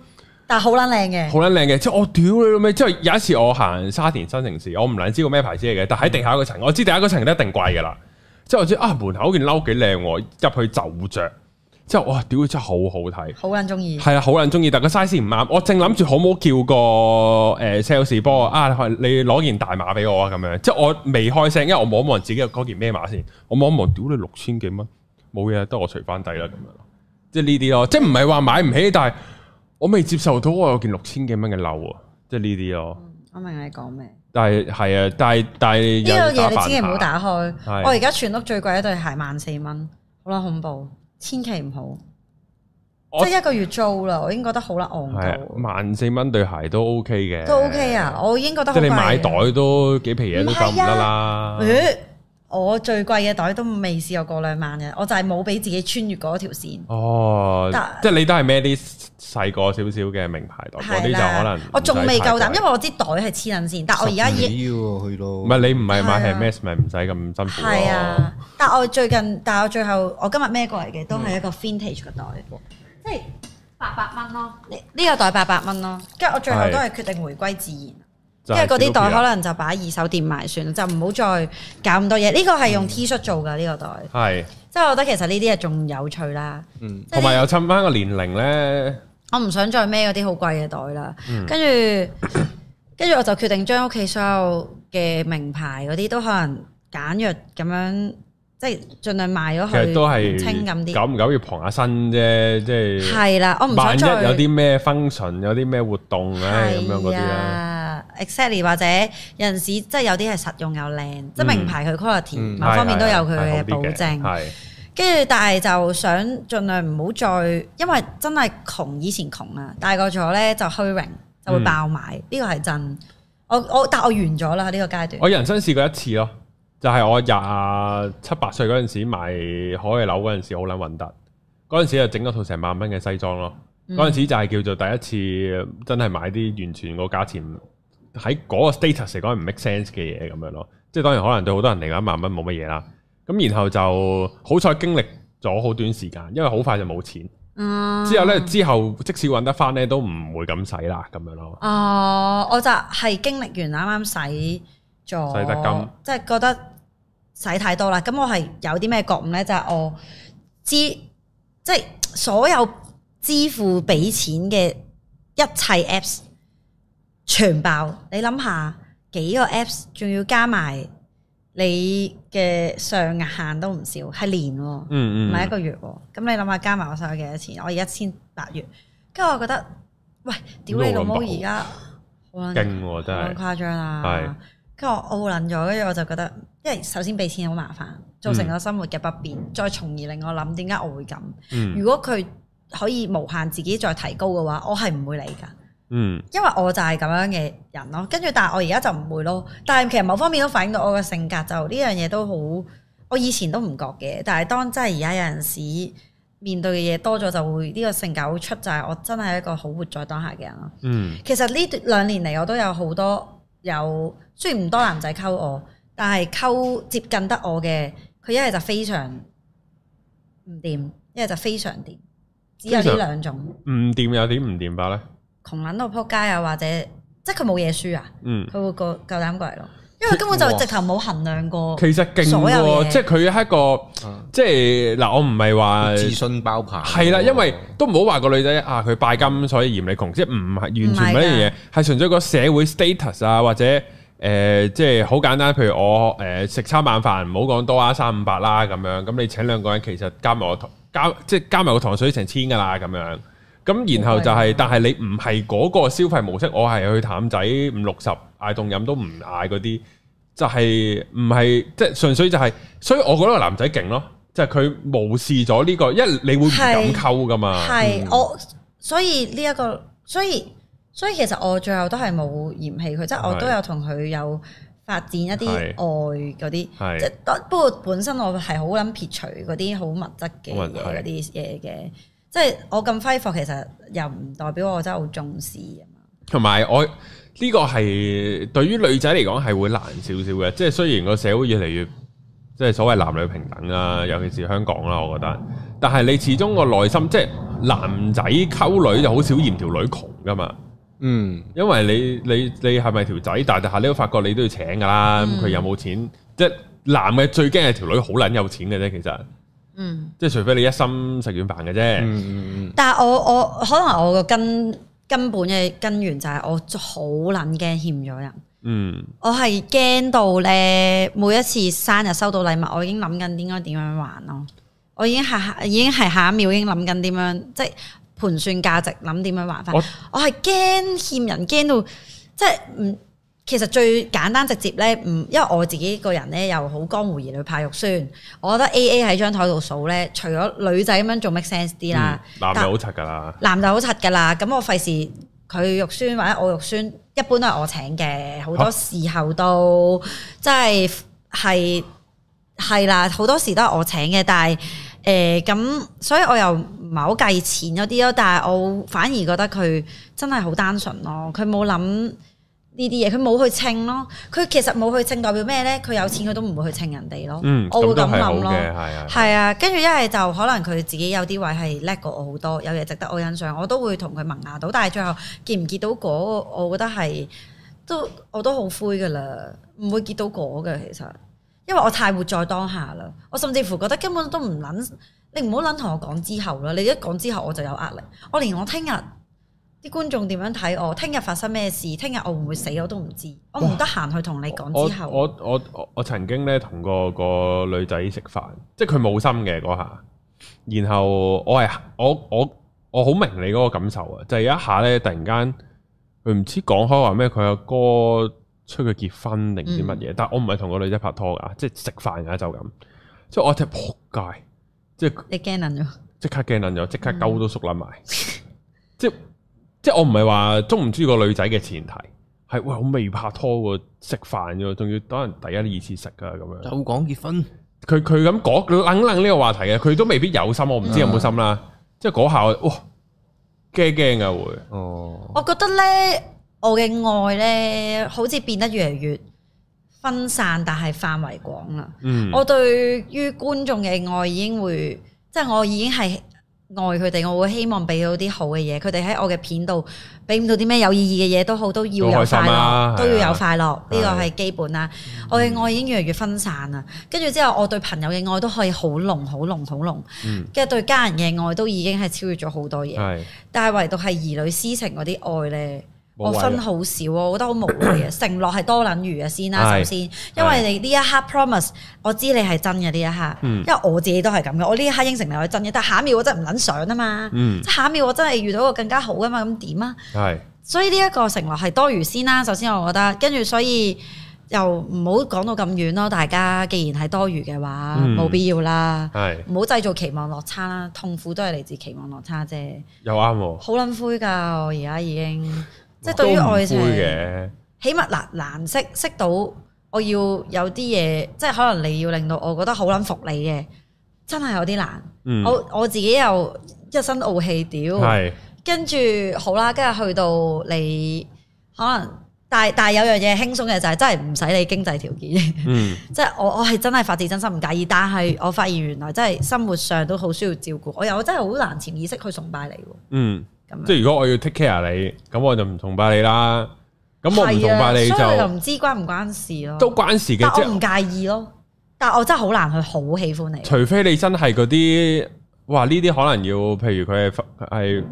但係好撚靚嘅，好撚靚嘅。即係我屌你老味，即係有一次我行沙田新城市，我唔撚知個咩牌子嚟嘅，但喺地下一個層，我知第一個層一定貴噶啦。即係我知啊，門口件褸幾靚，入去就着。之後哇，屌！真係好好睇，好撚中意，係啊，好撚中意，但係個 size 唔啱。我正諗住好唔好叫個誒 sales 幫我啊，你攞件大碼俾我啊，咁樣。即係我未開聲，因為我望一望自己嘅嗰件咩碼先。我望一望，屌你六千幾蚊，冇嘢，得我除翻底啦咁樣。即係呢啲咯，即係唔係話買唔起，但係我未接受到我有件六千幾蚊嘅褸啊。即係呢啲咯，我明你講咩？但係係啊，但係但係呢個嘢你千祈唔好打開。是我而家全屋最貴一對鞋萬四蚊，好捻恐怖。千祈唔好，我即係一個月租啦，我已經覺得好啦，憨鳩、啊。萬四蚊對鞋都 OK 嘅，都 OK 啊，我已經覺得即係你買袋都幾皮嘢都夠唔得啦。我最貴嘅袋都未試過過兩萬嘅，我就係冇俾自己穿越嗰條線。哦，即係你都係孭啲細個少少嘅名牌袋嗰啲就可能。我仲未夠膽，因為我啲袋係黐撚線。但係我而家已經唔係你唔係買皮鞋咪唔使咁辛苦咯。係啊，但係我最近，但係我最後我今日孭過嚟嘅都係一個 vintage 嘅袋，即係八百蚊咯。呢呢個袋八百蚊咯，跟住我最後都係決定回歸自然。因為嗰啲袋可能就擺二手店賣算，就唔好再搞咁多嘢。呢個係用 T 恤做噶呢個袋，即係我覺得其實呢啲係仲有趣啦。嗯，同埋又襯翻個年齡咧，我唔想再孭嗰啲好貴嘅袋啦。跟住跟住我就決定將屋企所有嘅名牌嗰啲都可能簡約咁樣，即係盡量賣咗去都係清咁啲，久唔久要旁下身啫。即係係啦，我唔想萬一有啲咩 function，有啲咩活動，唉咁樣嗰啲啦。e x c 或者有陣時，即係有啲係實用又靚，嗯、即係名牌佢 quality，各、嗯、方面都有佢嘅保證。跟住、嗯，但係就想盡量唔好再，因為真係窮，以前窮啊，大個咗咧就虛榮，就會爆買。呢、嗯、個係真。我我，但我完咗啦，呢、嗯、個階段。我人生試過一次咯，就係、是、我廿七八歲嗰陣時買海嘯樓嗰陣時，好撚混突，嗰陣時就一一整咗套成萬蚊嘅西裝咯。嗰陣時就係叫做第一次真係買啲完全個價錢。喺嗰個 status 嚟講唔 make sense 嘅嘢咁樣咯，即係當然可能對好多人嚟講一萬蚊冇乜嘢啦。咁然後就好彩經歷咗好短時間，因為好快就冇錢。嗯，之後咧之後即使揾得翻咧都唔會咁使啦咁樣咯。哦，我就係經歷完啱啱使咗，使得金，即係覺得使太多啦。咁我係有啲咩覺悟咧？就係我知，即係所有支付俾錢嘅一切 apps。全爆！你諗下，幾個 apps 仲要加埋你嘅上限都唔少，係年、喔，唔係、嗯嗯、一個月、喔。咁、嗯嗯、你諗下加埋我使咗幾多錢？我而家千八月，跟住我覺得，喂，屌你老母！而家好捻勁誇張啊！跟住、啊、是我嬲捻咗，跟住我就覺得，因為首先俾錢好麻煩，造成咗生活嘅不便，嗯、再從而令我諗，點解我會咁？嗯、如果佢可以無限自己再提高嘅話，我係唔會理噶。嗯，因為我就係咁樣嘅人咯，跟住但係我而家就唔會咯，但係其實某方面都反映到我嘅性格，就呢樣嘢都好，我以前都唔覺嘅，但係當真係而家有陣時面對嘅嘢多咗，就會呢個性格會出，就係我真係一個好活在當下嘅人咯。嗯，其實呢兩年嚟我都有好多有，雖然唔多男仔溝我，但係溝接近得我嘅，佢一係就非常唔掂，一係就非常掂，哪只有呢兩種。唔掂有點唔掂吧，咧？窮撚到仆街啊，或者即係佢冇嘢輸啊，嗯，佢會個夠膽過嚟咯，因為根本就直頭冇衡量過，其實勁喎，即係佢係一個即係嗱，我唔係話自信爆棚，係啦，因為都唔好話個女仔啊，佢拜金所以嫌你窮，即係唔係完全唔一樣嘢，係純粹個社會 status 啊，或者誒，即係好簡單，譬如我誒、呃、食餐晚飯，唔好講多啦，三五百啦咁樣，咁你請兩個人，其實加埋我糖加即係加埋個糖水成千噶啦咁樣。咁，然後就係、是，但係你唔係嗰個消費模式，我係去譚仔五六十嗌凍飲都唔嗌嗰啲，就係唔係即係純粹就係、是，所以我覺得個男仔勁咯，即係佢無視咗呢、這個，因為你會唔敢溝噶嘛。係、嗯、我，所以呢、這、一個，所以所以其實我最後都係冇嫌棄佢，即係是我都有同佢有發展一啲愛嗰啲，即係不過本身我係好諗撇除嗰啲好物質嘅嗰啲嘢嘅。的即係我咁揮霍，其實又唔代表我真係好重視。同埋我呢、呢個係對於女仔嚟講係會難少少嘅。即係雖然個社會越嚟越即係所謂男女平等啦、啊，尤其是香港啦、啊，我覺得。但係你始終個內心即係男仔溝女就好少嫌條女窮噶嘛。嗯，因為你你你係咪條仔？但係你都發覺你都要請噶啦。佢、嗯、有冇錢？即係男嘅最驚係條女好撚有錢嘅啫。其實。嗯，即係除非你一心食軟飯嘅啫。嗯嗯嗯。但係我我可能我個根根本嘅根源就係我好捻驚欠咗人。嗯。我係驚到咧，每一次生日收到禮物，我已經諗緊點樣點樣還咯。我已經下已經係下一秒已經諗緊點樣，即係盤算價值，諗點樣還翻。我我係驚欠人，驚到即係唔。其實最簡單直接咧，唔因為我自己個人咧又好江湖兒女怕肉酸，我覺得 A A 喺張台度數咧，除咗女仔咁樣做 make sense 啲啦、嗯，男仔好柒噶啦，但男仔好柒噶啦。咁、嗯、我費事佢肉酸或者我肉酸，一般都係我請嘅，好多時候都即係係係啦，好多時都係我請嘅。但係誒咁，所以我又唔係好計錢嗰啲咯，但係我反而覺得佢真係好單純咯，佢冇諗。呢啲嘢佢冇去稱咯，佢其實冇去稱代表咩呢？佢有錢佢都唔會去稱人哋咯。嗯，我會咁諗咯。咁係好嘅，係啊。係啊，跟住一係就可能佢自己有啲位係叻過我好多，有嘢值得我欣賞，我都會同佢萌芽到。但係最後結唔結到果，我覺得係都我都好灰噶啦，唔會結到果嘅其實，因為我太活在當下啦。我甚至乎覺得根本都唔捻，你唔好捻同我講之後啦。你一講之後我就有壓力，我連我聽日。啲觀眾點樣睇我？聽日發生咩事？聽日我唔會死？我都唔知。哇我唔得閒去同你講之後。我我我，我曾經咧同個個女仔食飯，即係佢冇心嘅嗰下。然後我係我我我好明你嗰個感受啊！就有、是、一下咧，突然間佢唔知講開話咩，佢阿哥催佢結婚定啲乜嘢。嗯、但我唔係同個女仔拍拖㗎，即係食飯㗎就咁。即係我隻仆街，即係你驚撚咗？即刻驚撚咗，即刻鳩都縮撚埋，即係、嗯。 (laughs) 即係我唔係話中唔中意個女仔嘅前提，係哇我未拍拖喎，食飯啫，仲要等人第一次食噶咁樣。就講結婚，佢佢咁講，諗諗呢個話題嘅，佢都未必有心，我唔知有冇心啦。嗯，即係嗰下，哇，驚驚噶會。哦，我覺得咧，我嘅愛咧，好似變得越嚟越分散，但係範圍廣啦。嗯，我對於觀眾嘅愛已經會，即係我已經係。愛佢哋，我會希望俾到啲好嘅嘢。佢哋喺我嘅片度，俾唔到啲咩有意義嘅嘢都好，都要有快樂，都開心啊、都要有快樂。呢個係基本啦。的我嘅愛已經越嚟越分散啦。跟住之後，我對朋友嘅愛都可以好濃、好濃、好濃。跟住、嗯、對家人嘅愛都已經係超越咗好多嘢。的但係唯獨係兒女私情嗰啲愛呢。我分好少啊，我覺得好無謂嘅，承諾係多撚餘啊先啦，首先，因為你呢一刻 promise，我知你係真嘅呢一刻，因為我自己都係咁嘅，我呢一刻應承你我係真嘅，但下一秒我真係唔撚想啊嘛，即下一秒我真係遇到個更加好嘅嘛，咁點啊？係，所以呢一個承諾係多餘先啦，首先我覺得，跟住所以又唔好講到咁遠咯，大家既然係多餘嘅話，冇必要啦，唔好製造期望落差啦，痛苦都係嚟自期望落差啫。又啱喎，好撚灰㗎，我而家已經。即係對於愛情，起碼嗱難識識到，我要有啲嘢，即係可能你要令到我覺得好捻服你嘅，真係有啲難。嗯、我我自己又一身傲氣，屌是的，跟住好啦，跟住去到你可能，但係但係有樣嘢輕鬆嘅就係真係唔使你經濟條件。嗯、即係我我係真係發自真心唔介意，但係我發現原來真係生活上都好需要照顧，我又真係好難潛意識去崇拜你。嗯。嗯即係如果我要 take care 你，咁我就唔崇拜你啦。咁我唔崇拜你就唔知關唔關事咯。都關事嘅，即係唔介意咯。但係我真係好難去好喜歡你。除非你真係嗰啲，哇呢啲可能要，譬如佢係係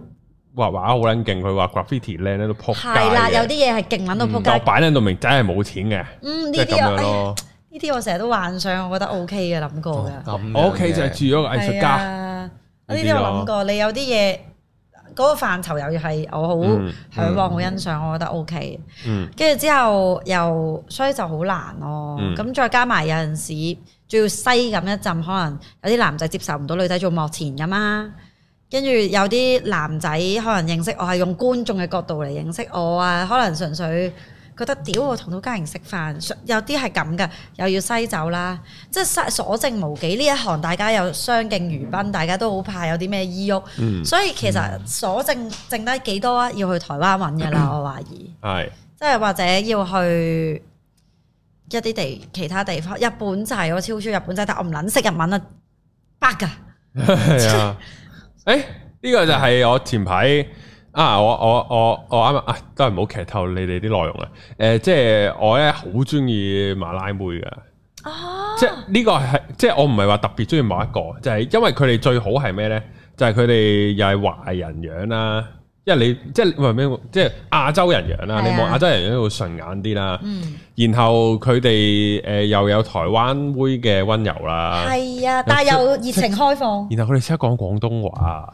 畫畫好捻勁，佢畫 graffiti 靚喺度扑街。係啦，有啲嘢係勁，捻到扑街。擺喺度明仔係冇錢嘅。嗯，呢啲呢啲我成日都幻想，我覺得 O K 嘅諗過嘅。我屋企就係住咗個藝術家。呢啲我諗過，你有啲嘢。嗰個範疇又要係我好向往、好、嗯嗯、欣賞，我覺得 O、OK、K。跟住、嗯、之後又，所以就好難咯、啊。咁、嗯、再加埋有陣時，仲要西咁一陣，可能有啲男仔接受唔到女仔做幕前噶嘛。跟住有啲男仔可能認識我係用觀眾嘅角度嚟認識我啊，可能純粹。覺得屌，我同到家人食飯，有啲係咁噶，又要西走啦，即係所剩無幾。呢一行大家又相敬如賓，大家都好怕有啲咩依鬱，嗯、所以其實所、嗯、剩剩低幾多啊？要去台灣揾嘅啦，我懷疑。係是，即係或者要去一啲地其他地方，日本就係、是、我超超日本仔，但我唔撚識日文啊 f u c 呢個就係我前排。啊！我我我我啱啱啊，都係唔好劇透你哋啲內容啦。誒、呃，即係我咧好中意馬拉妹嘅。哦，即係呢個係即係我唔係話特別中意某一個，就係、是、因為佢哋最好係咩咧？就係佢哋又係華人樣啦，因為你即係為咩？即係亞洲人樣啦，啊、你望亞洲人樣會順眼啲啦。嗯、然後佢哋誒又有台灣妹嘅溫柔啦。係啊，又但係又熱情開放。然後佢哋識講廣東話。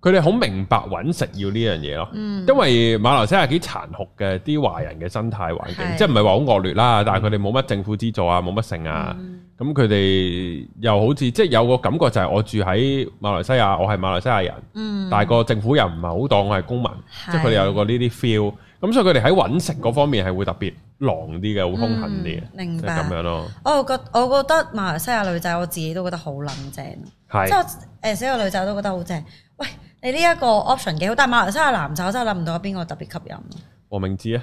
佢哋好明白揾食要呢樣嘢咯，因為馬來西亞幾殘酷嘅，啲華人嘅生態環境，即係唔係話好惡劣啦，但係佢哋冇乜政府資助啊，冇乜剩啊，咁佢哋又好似即係有個感覺就係我住喺馬來西亞，我係馬來西亞人，但係個政府又唔係好當我係公民，即係佢哋有個呢啲 feel，咁所以佢哋喺揾食嗰方面係會特別狼啲嘅，好兇狠啲嘅，即咁樣咯。我覺我覺得馬來西亞女仔，我自己都覺得好冷靜，即係誒所有女仔都覺得好正。你呢一個 option 幾好，但係馬來西亞男仔我真係諗唔到有邊個特別吸引。黃明志啊，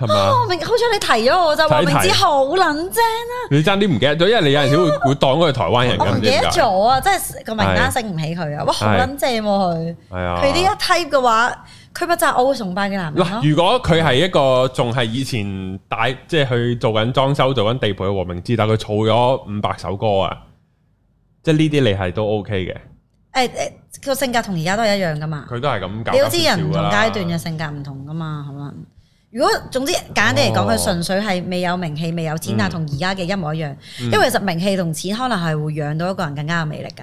係嘛？明好彩、啊、你提咗我就黃明志好撚正。啦。你爭啲唔記得咗，因為你有陣時會、啊、會當佢台灣人。我唔記得咗啊，真係個名單升唔起佢是、哦、啊。哇，好撚正喎佢。係啊，佢呢一 type 嘅話，佢不就我會崇拜嘅男人，如果佢係一個仲係以前大即係去做緊裝修、做緊地盤嘅黃明志，但係佢儲咗五百首歌啊，即係呢啲你係都 OK 嘅。誒誒、個、哎、性格同而家都係一樣噶嘛？佢都係咁搞。你好人唔同階段嘅性格唔同噶嘛，係嘛？如果總之簡單啲嚟講，佢純、哦、粹係未有名氣、未有錢，但同而家嘅一模一樣。嗯、因為其實名氣同錢可能係會養到一個人更加有魅力噶。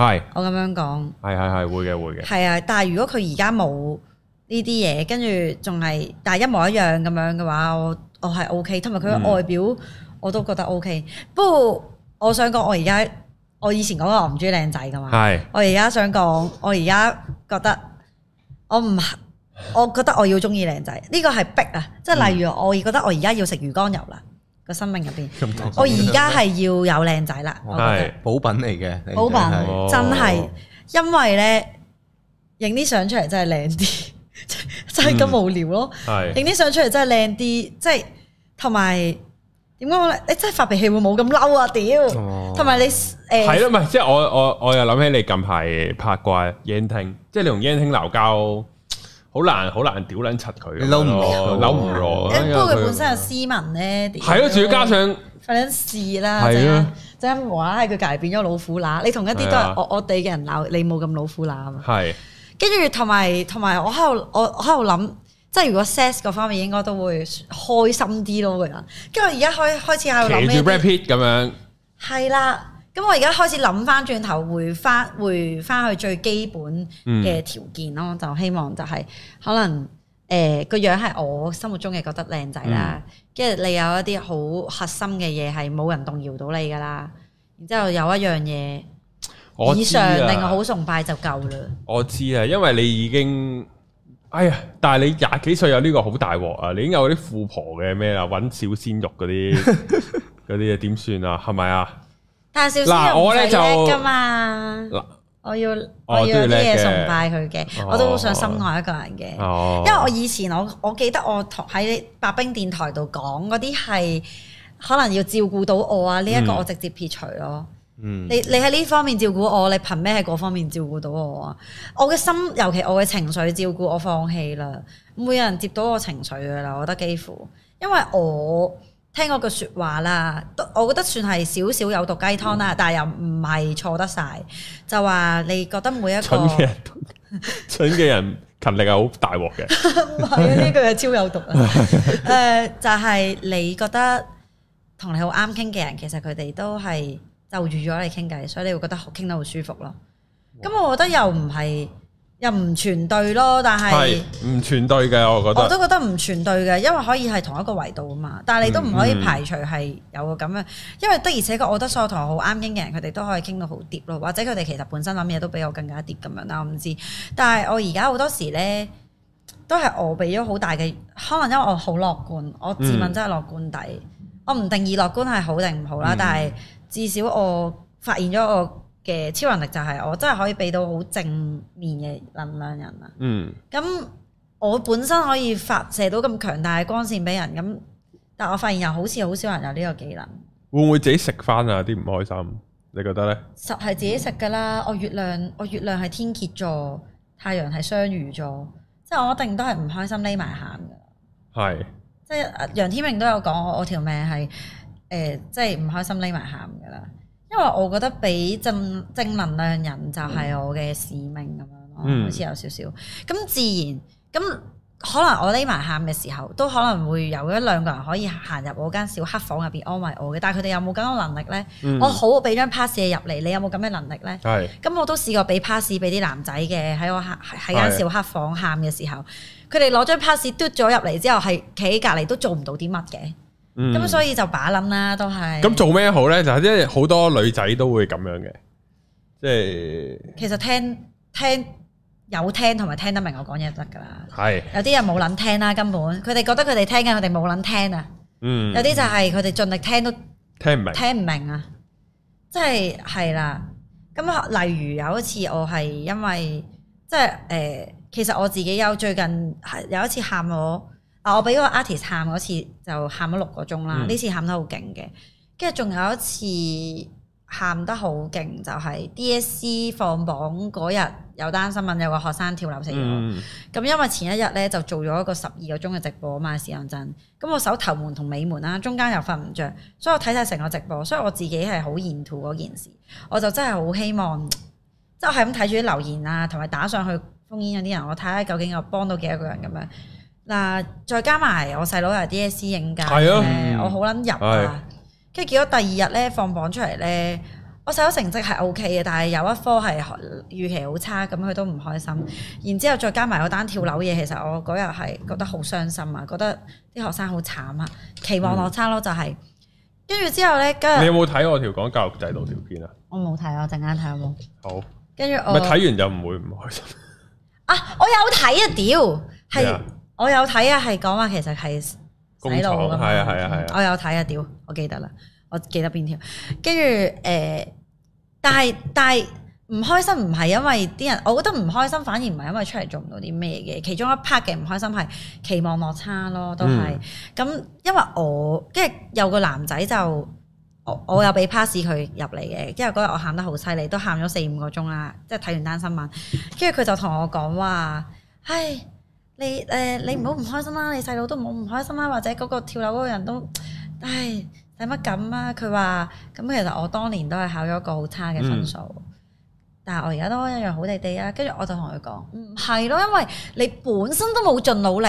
係、嗯，我咁樣講。係係係會嘅會嘅。係啊，但係如果佢而家冇呢啲嘢，跟住仲係，但係一模一樣咁樣嘅話，我我係 OK，同埋佢外表、嗯、我都覺得 OK。不過我想講我而家。我以前講話我唔中意靚仔噶嘛。是我而家想講，我而家覺得我唔，我覺得我要中意靚仔，呢、呢個係逼啊！即係例如、嗯、我而覺得我而家要食魚肝油啦，個生命入邊，嗯、我而家係要有靚仔啦，係補是品嚟嘅，補品是、哦、真係，因為咧影啲相出嚟真係靚啲， (laughs) 真係咁無聊咯，影啲相出嚟真係靚啲，即係同埋。點解咧？你真係發脾氣會冇咁嬲啊！屌，同埋你誒，係咯，唔係即係我我我又諗起你近排拍怪煙聽，即係你同煙聽鬧交，好難好難屌捻柒佢，嬲唔落，嬲唔落。不過佢本身係斯文咧，點解？係咯，仲要加上，反正事啦，真真無啦啦，佢隔籬變咗老虎乸，你同一啲都係惡惡地嘅人鬧，你冇咁老虎乸啊嘛。係，跟住同埋同埋我喺度我喺度諗。即係如果 sex 個方面應該都會開心啲咯，個人。跟住我而家開開始喺度諗咩？騎住 rapid 咁樣。係啦，咁我而家開始諗翻轉頭，回翻回翻去最基本嘅條件咯。嗯、就希望就係、是、可能誒個、呃、樣係我心目中嘅覺得靚仔啦。跟住、嗯、你有一啲好核心嘅嘢係冇人動搖到你噶啦。然之後有一樣嘢，以上令我好崇拜就夠啦。我知啊，因為你已經。哎呀！但係你廿幾歲有呢、這個好大鑊啊！你已經有啲富婆嘅咩啊？揾小鮮肉嗰啲嗰啲嘢點算啊？係咪啊？但係小鮮肉唔叻噶嘛啦我？我要我要有啲嘢崇拜佢嘅。哦哦、我都好想深愛一個人嘅。哦、因為我以前我我記得我同喺白兵電台度講嗰啲係可能要照顧到我啊，呢、這、一個我直接撇除咯。嗯你你喺呢方面照顧我，你憑咩喺嗰方面照顧到我啊？我嘅心，尤其我嘅情緒照顧，我放棄啦。每個人接到我情緒嘅啦，我覺得幾乎。因為我聽過句説話啦，我覺得算係少少有毒雞湯啦，嗯、但係又唔係錯得晒。就話你覺得每一個蠢嘅人，蠢嘅人勤力係好大鑊嘅，唔係啊， (laughs) 呢句係超有毒啊。誒、 (laughs) 呃，就係、是、你覺得同你好啱傾嘅人，其實佢哋都係。逗住咗你傾偈，所以你會覺得傾得好舒服咯。咁哇我覺得又唔係，又唔全對咯。但係唔全對嘅，我覺得我都覺得唔全對嘅，因為可以係同一個維度啊嘛。但係你都唔可以排除係有個咁樣，嗯嗯、因為的而且確，我覺得所有同我好啱傾嘅人，佢哋都可以傾到好跌咯。或者佢哋其實本身諗嘢都比我更加跌咁樣啦。我唔知，但係我而家好多時咧，都係我俾咗好大嘅，可能因為我好樂觀，我自問真係樂觀底，嗯、我唔定義樂觀係好定唔好啦，嗯、但係。至少我發現咗我嘅超能力就係我真係可以俾到好正面嘅能量人啦。嗯，咁我本身可以發射到咁強大嘅光線俾人，咁但我發現又好似好少人有呢個技能。會唔會自己食翻啊？啲唔開心，你覺得呢？實係自己食噶啦。我月亮我月亮係天蠍座，太陽係雙魚座，即係我一定都係唔開心，匿埋喊㗎。係。即係楊天明都有講，我我條命係。誒、欸，即係唔開心，匿埋喊噶啦，因為我覺得俾正正能量人就係我嘅使命咁樣咯，嗯、好似有少少。咁自然，咁可能我匿埋喊嘅時候，都可能會有一兩個人可以行入我間小黑房入邊安慰我嘅，但係佢哋有冇咁嘅能力咧？嗯、我好俾張 pass 入嚟，你有冇咁嘅能力咧？係。咁我都試過俾 pass 俾啲男仔嘅，喺我喺喺間小黑房喊嘅時候，佢哋攞張 pass 嘟咗入嚟之後，係企喺隔籬都做唔到啲乜嘅。咁、嗯、所以就把諗啦，都係。咁、嗯、做咩好咧？就係因為好多女仔都會咁樣嘅，即係。其實聽聽有聽同埋聽得明我講嘢得噶啦。係。有啲人冇諗聽啦，根本佢哋覺得佢哋聽緊，佢哋冇諗聽啊。嗯。有啲就係佢哋盡力聽都聽唔明，聽唔明啊。即係係啦。咁例如有一次我係因為即係誒、呃，其實我自己有最近係有一次喊我。啊！我俾個 artist 喊嗰次就喊咗六個鐘啦，呢、嗯、次喊得好勁嘅。跟住仲有一次喊得好勁，就係、是、DSE 放榜嗰日有單新聞，有個學生跳樓死咗。咁、嗯、因為前一日咧就做咗一個十二個鐘嘅直播啊嘛，試諗真。咁我守頭門同尾門啦，中間又瞓唔着，所以我睇晒成個直播。所以我自己係好 into 嗰件事，我就真係好希望，即係咁睇住啲留言啊，同埋打上去烽煙嗰啲人，我睇下究竟我幫到幾多個人咁樣？嗯。嗱，再加埋我細佬係 DSE 應屆咧，我好撚入啊。跟住結果第二日咧放榜出嚟咧，我細佬成績係 O K 嘅，但係有一科係預期好差，咁佢都唔開心。然之後再加埋嗰單跳樓嘢，其實我嗰日係覺得好傷心啊，覺得啲學生好慘啊，期望落差咯，就係。跟住之後咧，今日你有冇睇我條講教育制度條片啊？我冇睇，我陣間睇下冇。好。跟住我。咪睇完就唔會唔開心。啊！我有睇啊！屌，係。我有睇啊，係講話其實係洗腦噶嘛。啊、我有睇啊，屌，我記得啦，我記得邊條。跟住誒，但係但係唔開心唔係因為啲人，我覺得唔開心反而唔係因為出嚟做唔到啲咩嘅。其中一 part 嘅唔開心係期望落差咯，都係。咁、嗯、因為我跟住有個男仔就我我有俾 pass 佢入嚟嘅，跟住嗰日我喊得好犀利，都喊咗四五個鐘啦，即係睇完單新聞。跟住佢就同我講話，唉。你誒、呃、你唔好唔開心啦，你細佬都唔好唔開心啦，或者嗰個跳樓嗰個人都，唉，使乜咁啊？佢話，咁其實我當年都係考咗一個好差嘅分數。嗯但係我而家都一樣好地地啊！跟住我就同佢講，唔係咯，因為你本身都冇盡努力，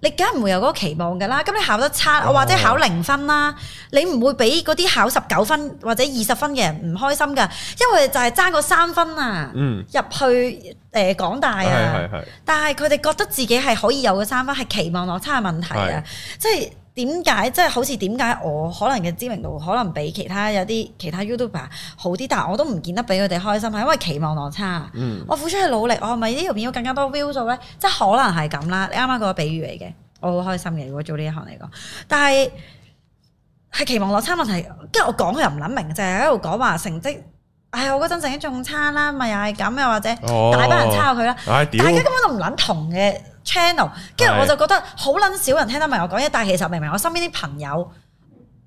你梗唔會有嗰個期望㗎啦。咁你考得差，我或者考零分啦，哦、你唔會俾嗰啲考十九分或者二十分嘅人唔開心㗎，因為就係爭個三分啊！入、嗯、去誒港、呃、大啊，哦、但係佢哋覺得自己係可以有個三分，係期望落差嘅問題啊，即係是。點解即係好似點解我可能嘅知名度可能比其他有啲其他 YouTuber 好啲，但我都唔見得俾佢哋開心，係因為期望落差。嗯、我付出嘅努力，我係咪呢條片要更加多 view 數咧？即係可能係咁啦。你啱啱個比喻嚟嘅，我好開心嘅。如果做呢一行嚟講，但係係期望落差問題。跟住我講佢又唔諗明，就係喺度講話成績。唉、哎，我嗰陣成績仲差啦，咪又係咁，又、哦、或者大班人抄佢啦。哦、大家根本都唔諗同嘅。Channel，跟住我就覺得好撚少人聽得明我講嘢，的但係其實明明我身邊啲朋友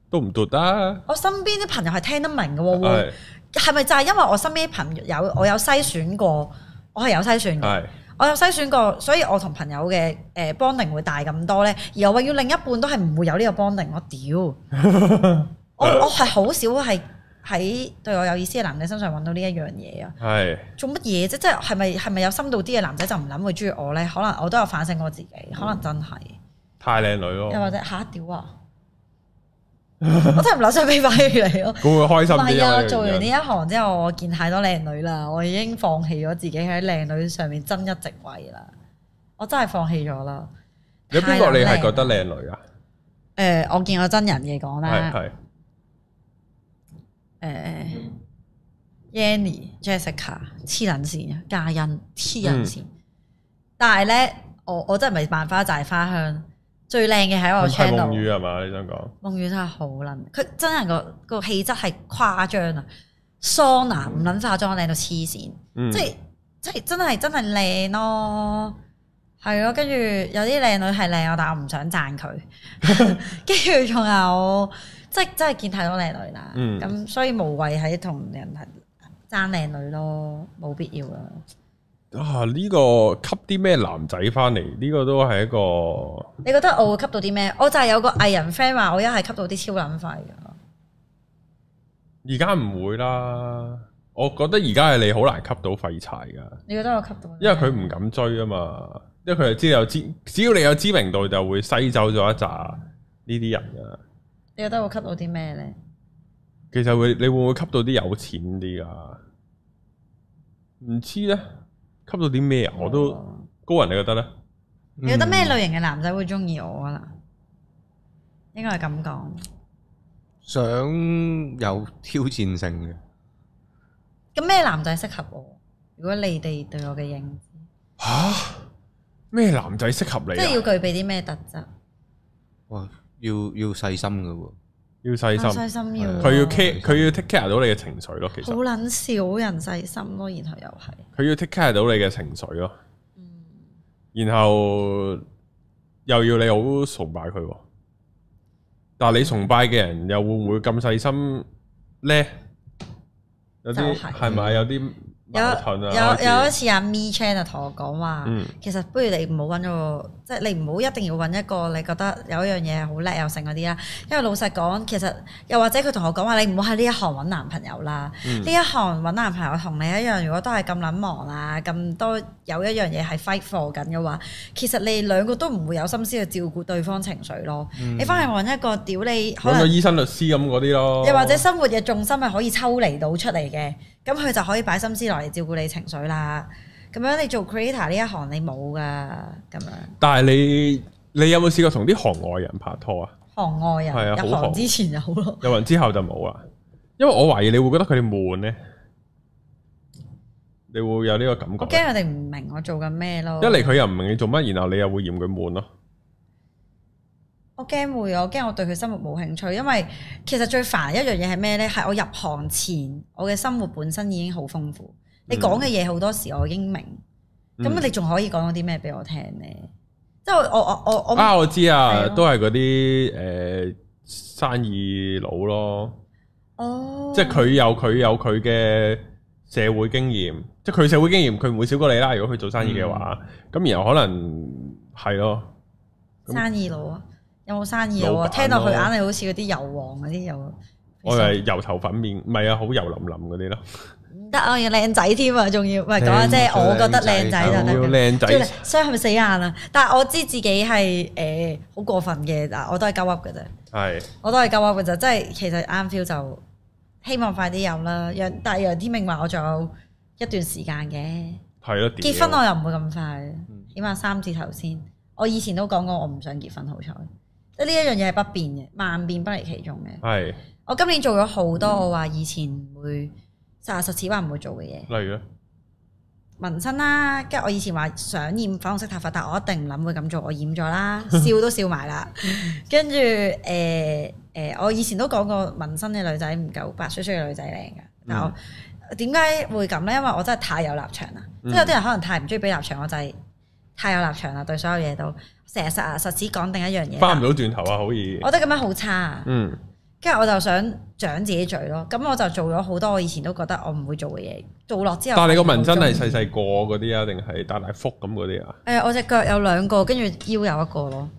都唔讀啊！我身邊啲朋友係聽得明嘅喎，係咪的就係因為我身邊啲朋友，我有篩選過，我係有篩選嘅，的我有篩選過，所以我同朋友嘅誒 bonding 會大咁多呢。而我話要另一半都係唔會有呢個 bonding，我屌， (laughs) 我我係好少係。喺對我有意思嘅男仔身上搵到呢一樣嘢啊！係是做乜嘢啫？即係係咪係咪有深度啲嘅男仔就唔諗會中意我咧？可能我都有反省過自己，可能真係太靚女咯，又或者嚇屌啊！ (laughs) 我真係唔諗想俾翻你嚟咯。咁會,會開心啲啊！做完呢一行之後，我見太多靚女啦，我已經放棄咗自己喺靚女上面爭一席位啦。我真係放棄咗啦。有邊個你係覺得靚女啊？誒、呃，我見過真人嘅講咧，係的。誒 Yanny、uh, anny, Jessica 黐撚線，嘉欣黐撚線。但係咧，我我真係唔係萬花寨係花香最靚嘅係我個 channel。夢雨係嘛，你想講？夢雨真係好撚，佢真人個個氣質係誇張啊！桑拿唔撚化妝，靚到黐線，即係即係真係真係靚咯，係咯。跟住有啲靚女係靚，但係我唔想讚佢。跟住仲有。即係真係見太多靚女啦，咁、嗯、所以無謂喺同人爭靚女咯，冇必要啦。啊，呢、這個吸啲咩男仔翻嚟？呢、這個都係一個你覺得我會吸到啲咩？ (laughs) 我就係有個藝人 friend 話我一係吸到啲超撚廢噶。而家唔會啦，我覺得而家係你好難吸到廢柴噶。你覺得我吸到咩？因為佢唔敢追啊嘛，因為佢又知有知，只要你有知名度，就會篩走咗一紮呢啲人噶。你覺得我吸會，你會，會吸到啲咩咧？其實會你會唔會吸到啲有錢啲啊？唔知咧，吸到啲咩？啊？我都、嗯、高人你覺得咧？你覺得咩類型嘅男仔會中意我啊？啦、嗯，應該係咁講。想有挑戰性嘅。咁咩男仔適合我？如果你哋對我嘅認知吓，咩男仔適合你？即係要具備啲咩特質？哇！要要細心㗎喎，要細心，細心要佢要 care 佢要 take care 到你嘅情緒咯，其實好撚少人細心咯，然後又係佢要 take care 到你嘅情緒咯，嗯，然後又要你好崇拜佢，但係你崇拜嘅人又會唔會咁細心咧？有啲係咪有啲？有有有一次阿 Me Chan 就同我講話，其實不如你唔好揾個，即係你唔好一定要揾一個你覺得有一樣嘢好叻又剩嗰啲啦。因為老實講，其實又或者佢同我講話，你唔好喺呢一行揾男朋友啦。呢、嗯、一行揾男朋友同你一樣，如果都係咁撚忙啊，咁多有一樣嘢係 fight for 緊嘅話，其實你兩個都唔會有心思去照顧對方情緒咯。嗯、你翻去揾一個屌你，揾個醫生、律師咁嗰啲咯。又或者生活嘅重心係可以抽離到出嚟嘅。咁佢就可以擺心思落嚟照顧你情緒啦。咁樣你做 creator 呢一行，你冇噶咁樣。但係你你有冇試過同啲行外人拍拖啊？行外人、啊、入行之前就好咯，入行之後就冇啦。 (laughs) 因為我懷疑你會覺得佢哋悶咧，你會有呢個感覺。我驚佢哋唔明我做緊咩咯。一嚟佢又唔明你做乜，然後你又會嫌佢悶咯。我驚會，我驚我對佢生活冇興趣，因為其實最煩一樣嘢係咩咧？係我入行前，我嘅生活本身已經好豐富。你講嘅嘢好多時我已經明，咁、嗯、你仲可以講啲咩俾我聽咧？即係我我我我啊！我知啊，啊都係嗰啲誒生意佬咯。哦，即係佢有佢有佢嘅社會經驗，即係佢社會經驗佢唔會少過你啦。如果佢做生意嘅話，咁、嗯、然後可能係咯生意佬啊。有冇生意喎？聽到佢眼係好似嗰啲油黃嗰啲油，我係油頭粉面，唔係啊，好油淋淋嗰啲咯。唔得啊，要靚仔添啊，仲要唔係講啊？即係我覺得靚仔就得。靚仔，所以係咪死眼啊？但係我知自己係誒好過分嘅嗱，我都係鳩噏嘅啫。係是，我都係鳩噏嘅啫。即係其實啱 feel 就希望快啲有啦。楊但係楊天明話我仲有一段時間嘅。係啊了，帥結婚我又唔會咁快，起碼三字頭先。我以前都講過，我唔想結婚好彩。呢一樣嘢係不變嘅，萬變不離其宗嘅。係是，我今年做咗好多我話以前唔會、嗯、實實此話唔會做嘅嘢。例如咧，紋身啦，跟住我以前話想染粉紅色頭髮，但我一定唔諗會咁做，我染咗啦，笑都笑埋啦。跟住誒誒，我以前都講過紋身嘅女仔唔夠白雪雪嘅女仔靚噶。但我點解、嗯、會咁咧？因為我真係太有立場啦。即係、嗯、有啲人可能太唔中意俾立場，我就係太有立場啦，對所有嘢都。成日實牙實齒講定一樣嘢，翻唔到轉頭啊！好易，我覺得咁樣好差啊。嗯，跟住我就想掌自己嘴咯。咁我就做咗好多我以前都覺得我唔會做嘅嘢，做落之後。但係你個紋身係細細個嗰啲啊，定係大大幅咁嗰啲啊？誒、哎，我隻腳有兩個，跟住腰有一個咯。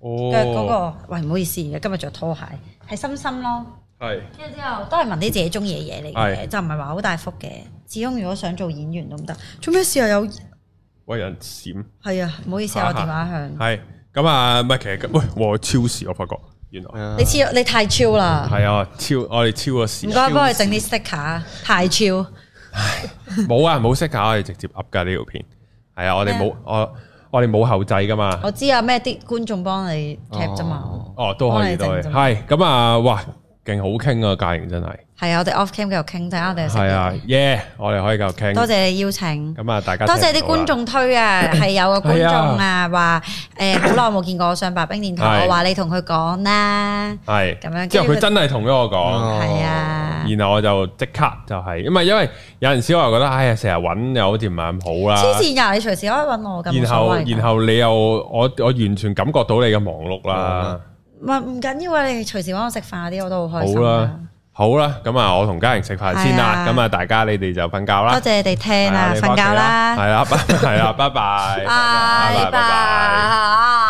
哦，腳嗰、那個，喂、哎，唔好意思嘅，今日着拖鞋，係深深咯。係是。跟住之後都係紋啲自己中意嘅嘢嚟嘅，是就唔係話好大幅嘅。始終如果想做演員都唔得。做咩事又有？有人閃，係啊，唔好意思啊，我電話響。係咁啊，唔係其實喂，我超時，我發覺原來你超，你太超啦。係啊，超我哋超咗時。唔該，幫佢整啲 sticker，太超。唉，冇啊，冇 sticker，我哋直接噏噶呢條片。係啊，我哋冇我我哋冇後製噶嘛。我知啊，咩啲觀眾幫你貼啫嘛。哦，都可以，都可以。係咁啊，哇！勁好傾啊，嘉盈真係。係啊，我哋 off cam 繼續傾，睇下我哋係啊，yeah，我哋可以繼續傾，多謝你邀請。咁啊，大家多謝啲觀眾推啊，係有個觀眾啊，話誒好耐冇見過我上白兵電台，我話你同佢講啦，係咁樣。之後佢真係同咗我講，係啊，然後我就即刻就係，因為因為有陣時我又覺得，哎呀，成日搵又好似唔係咁好啦。黐線呀，你隨時可以搵我噶。然後然後你又我我完全感覺到你嘅忙碌啦。唔唔緊要啊！你隨時揾我食飯嗰啲，我都好開心。好啦，好啦，咁啊，我同嘉盈食飯先啦。咁啊、哎呀，大家你哋就瞓覺啦。多謝你哋聽啦，瞓、哎、呀覺啦。係啦、哎呀，係啦，哎、呀 (laughs) 拜拜。啊， (laughs) 拜拜。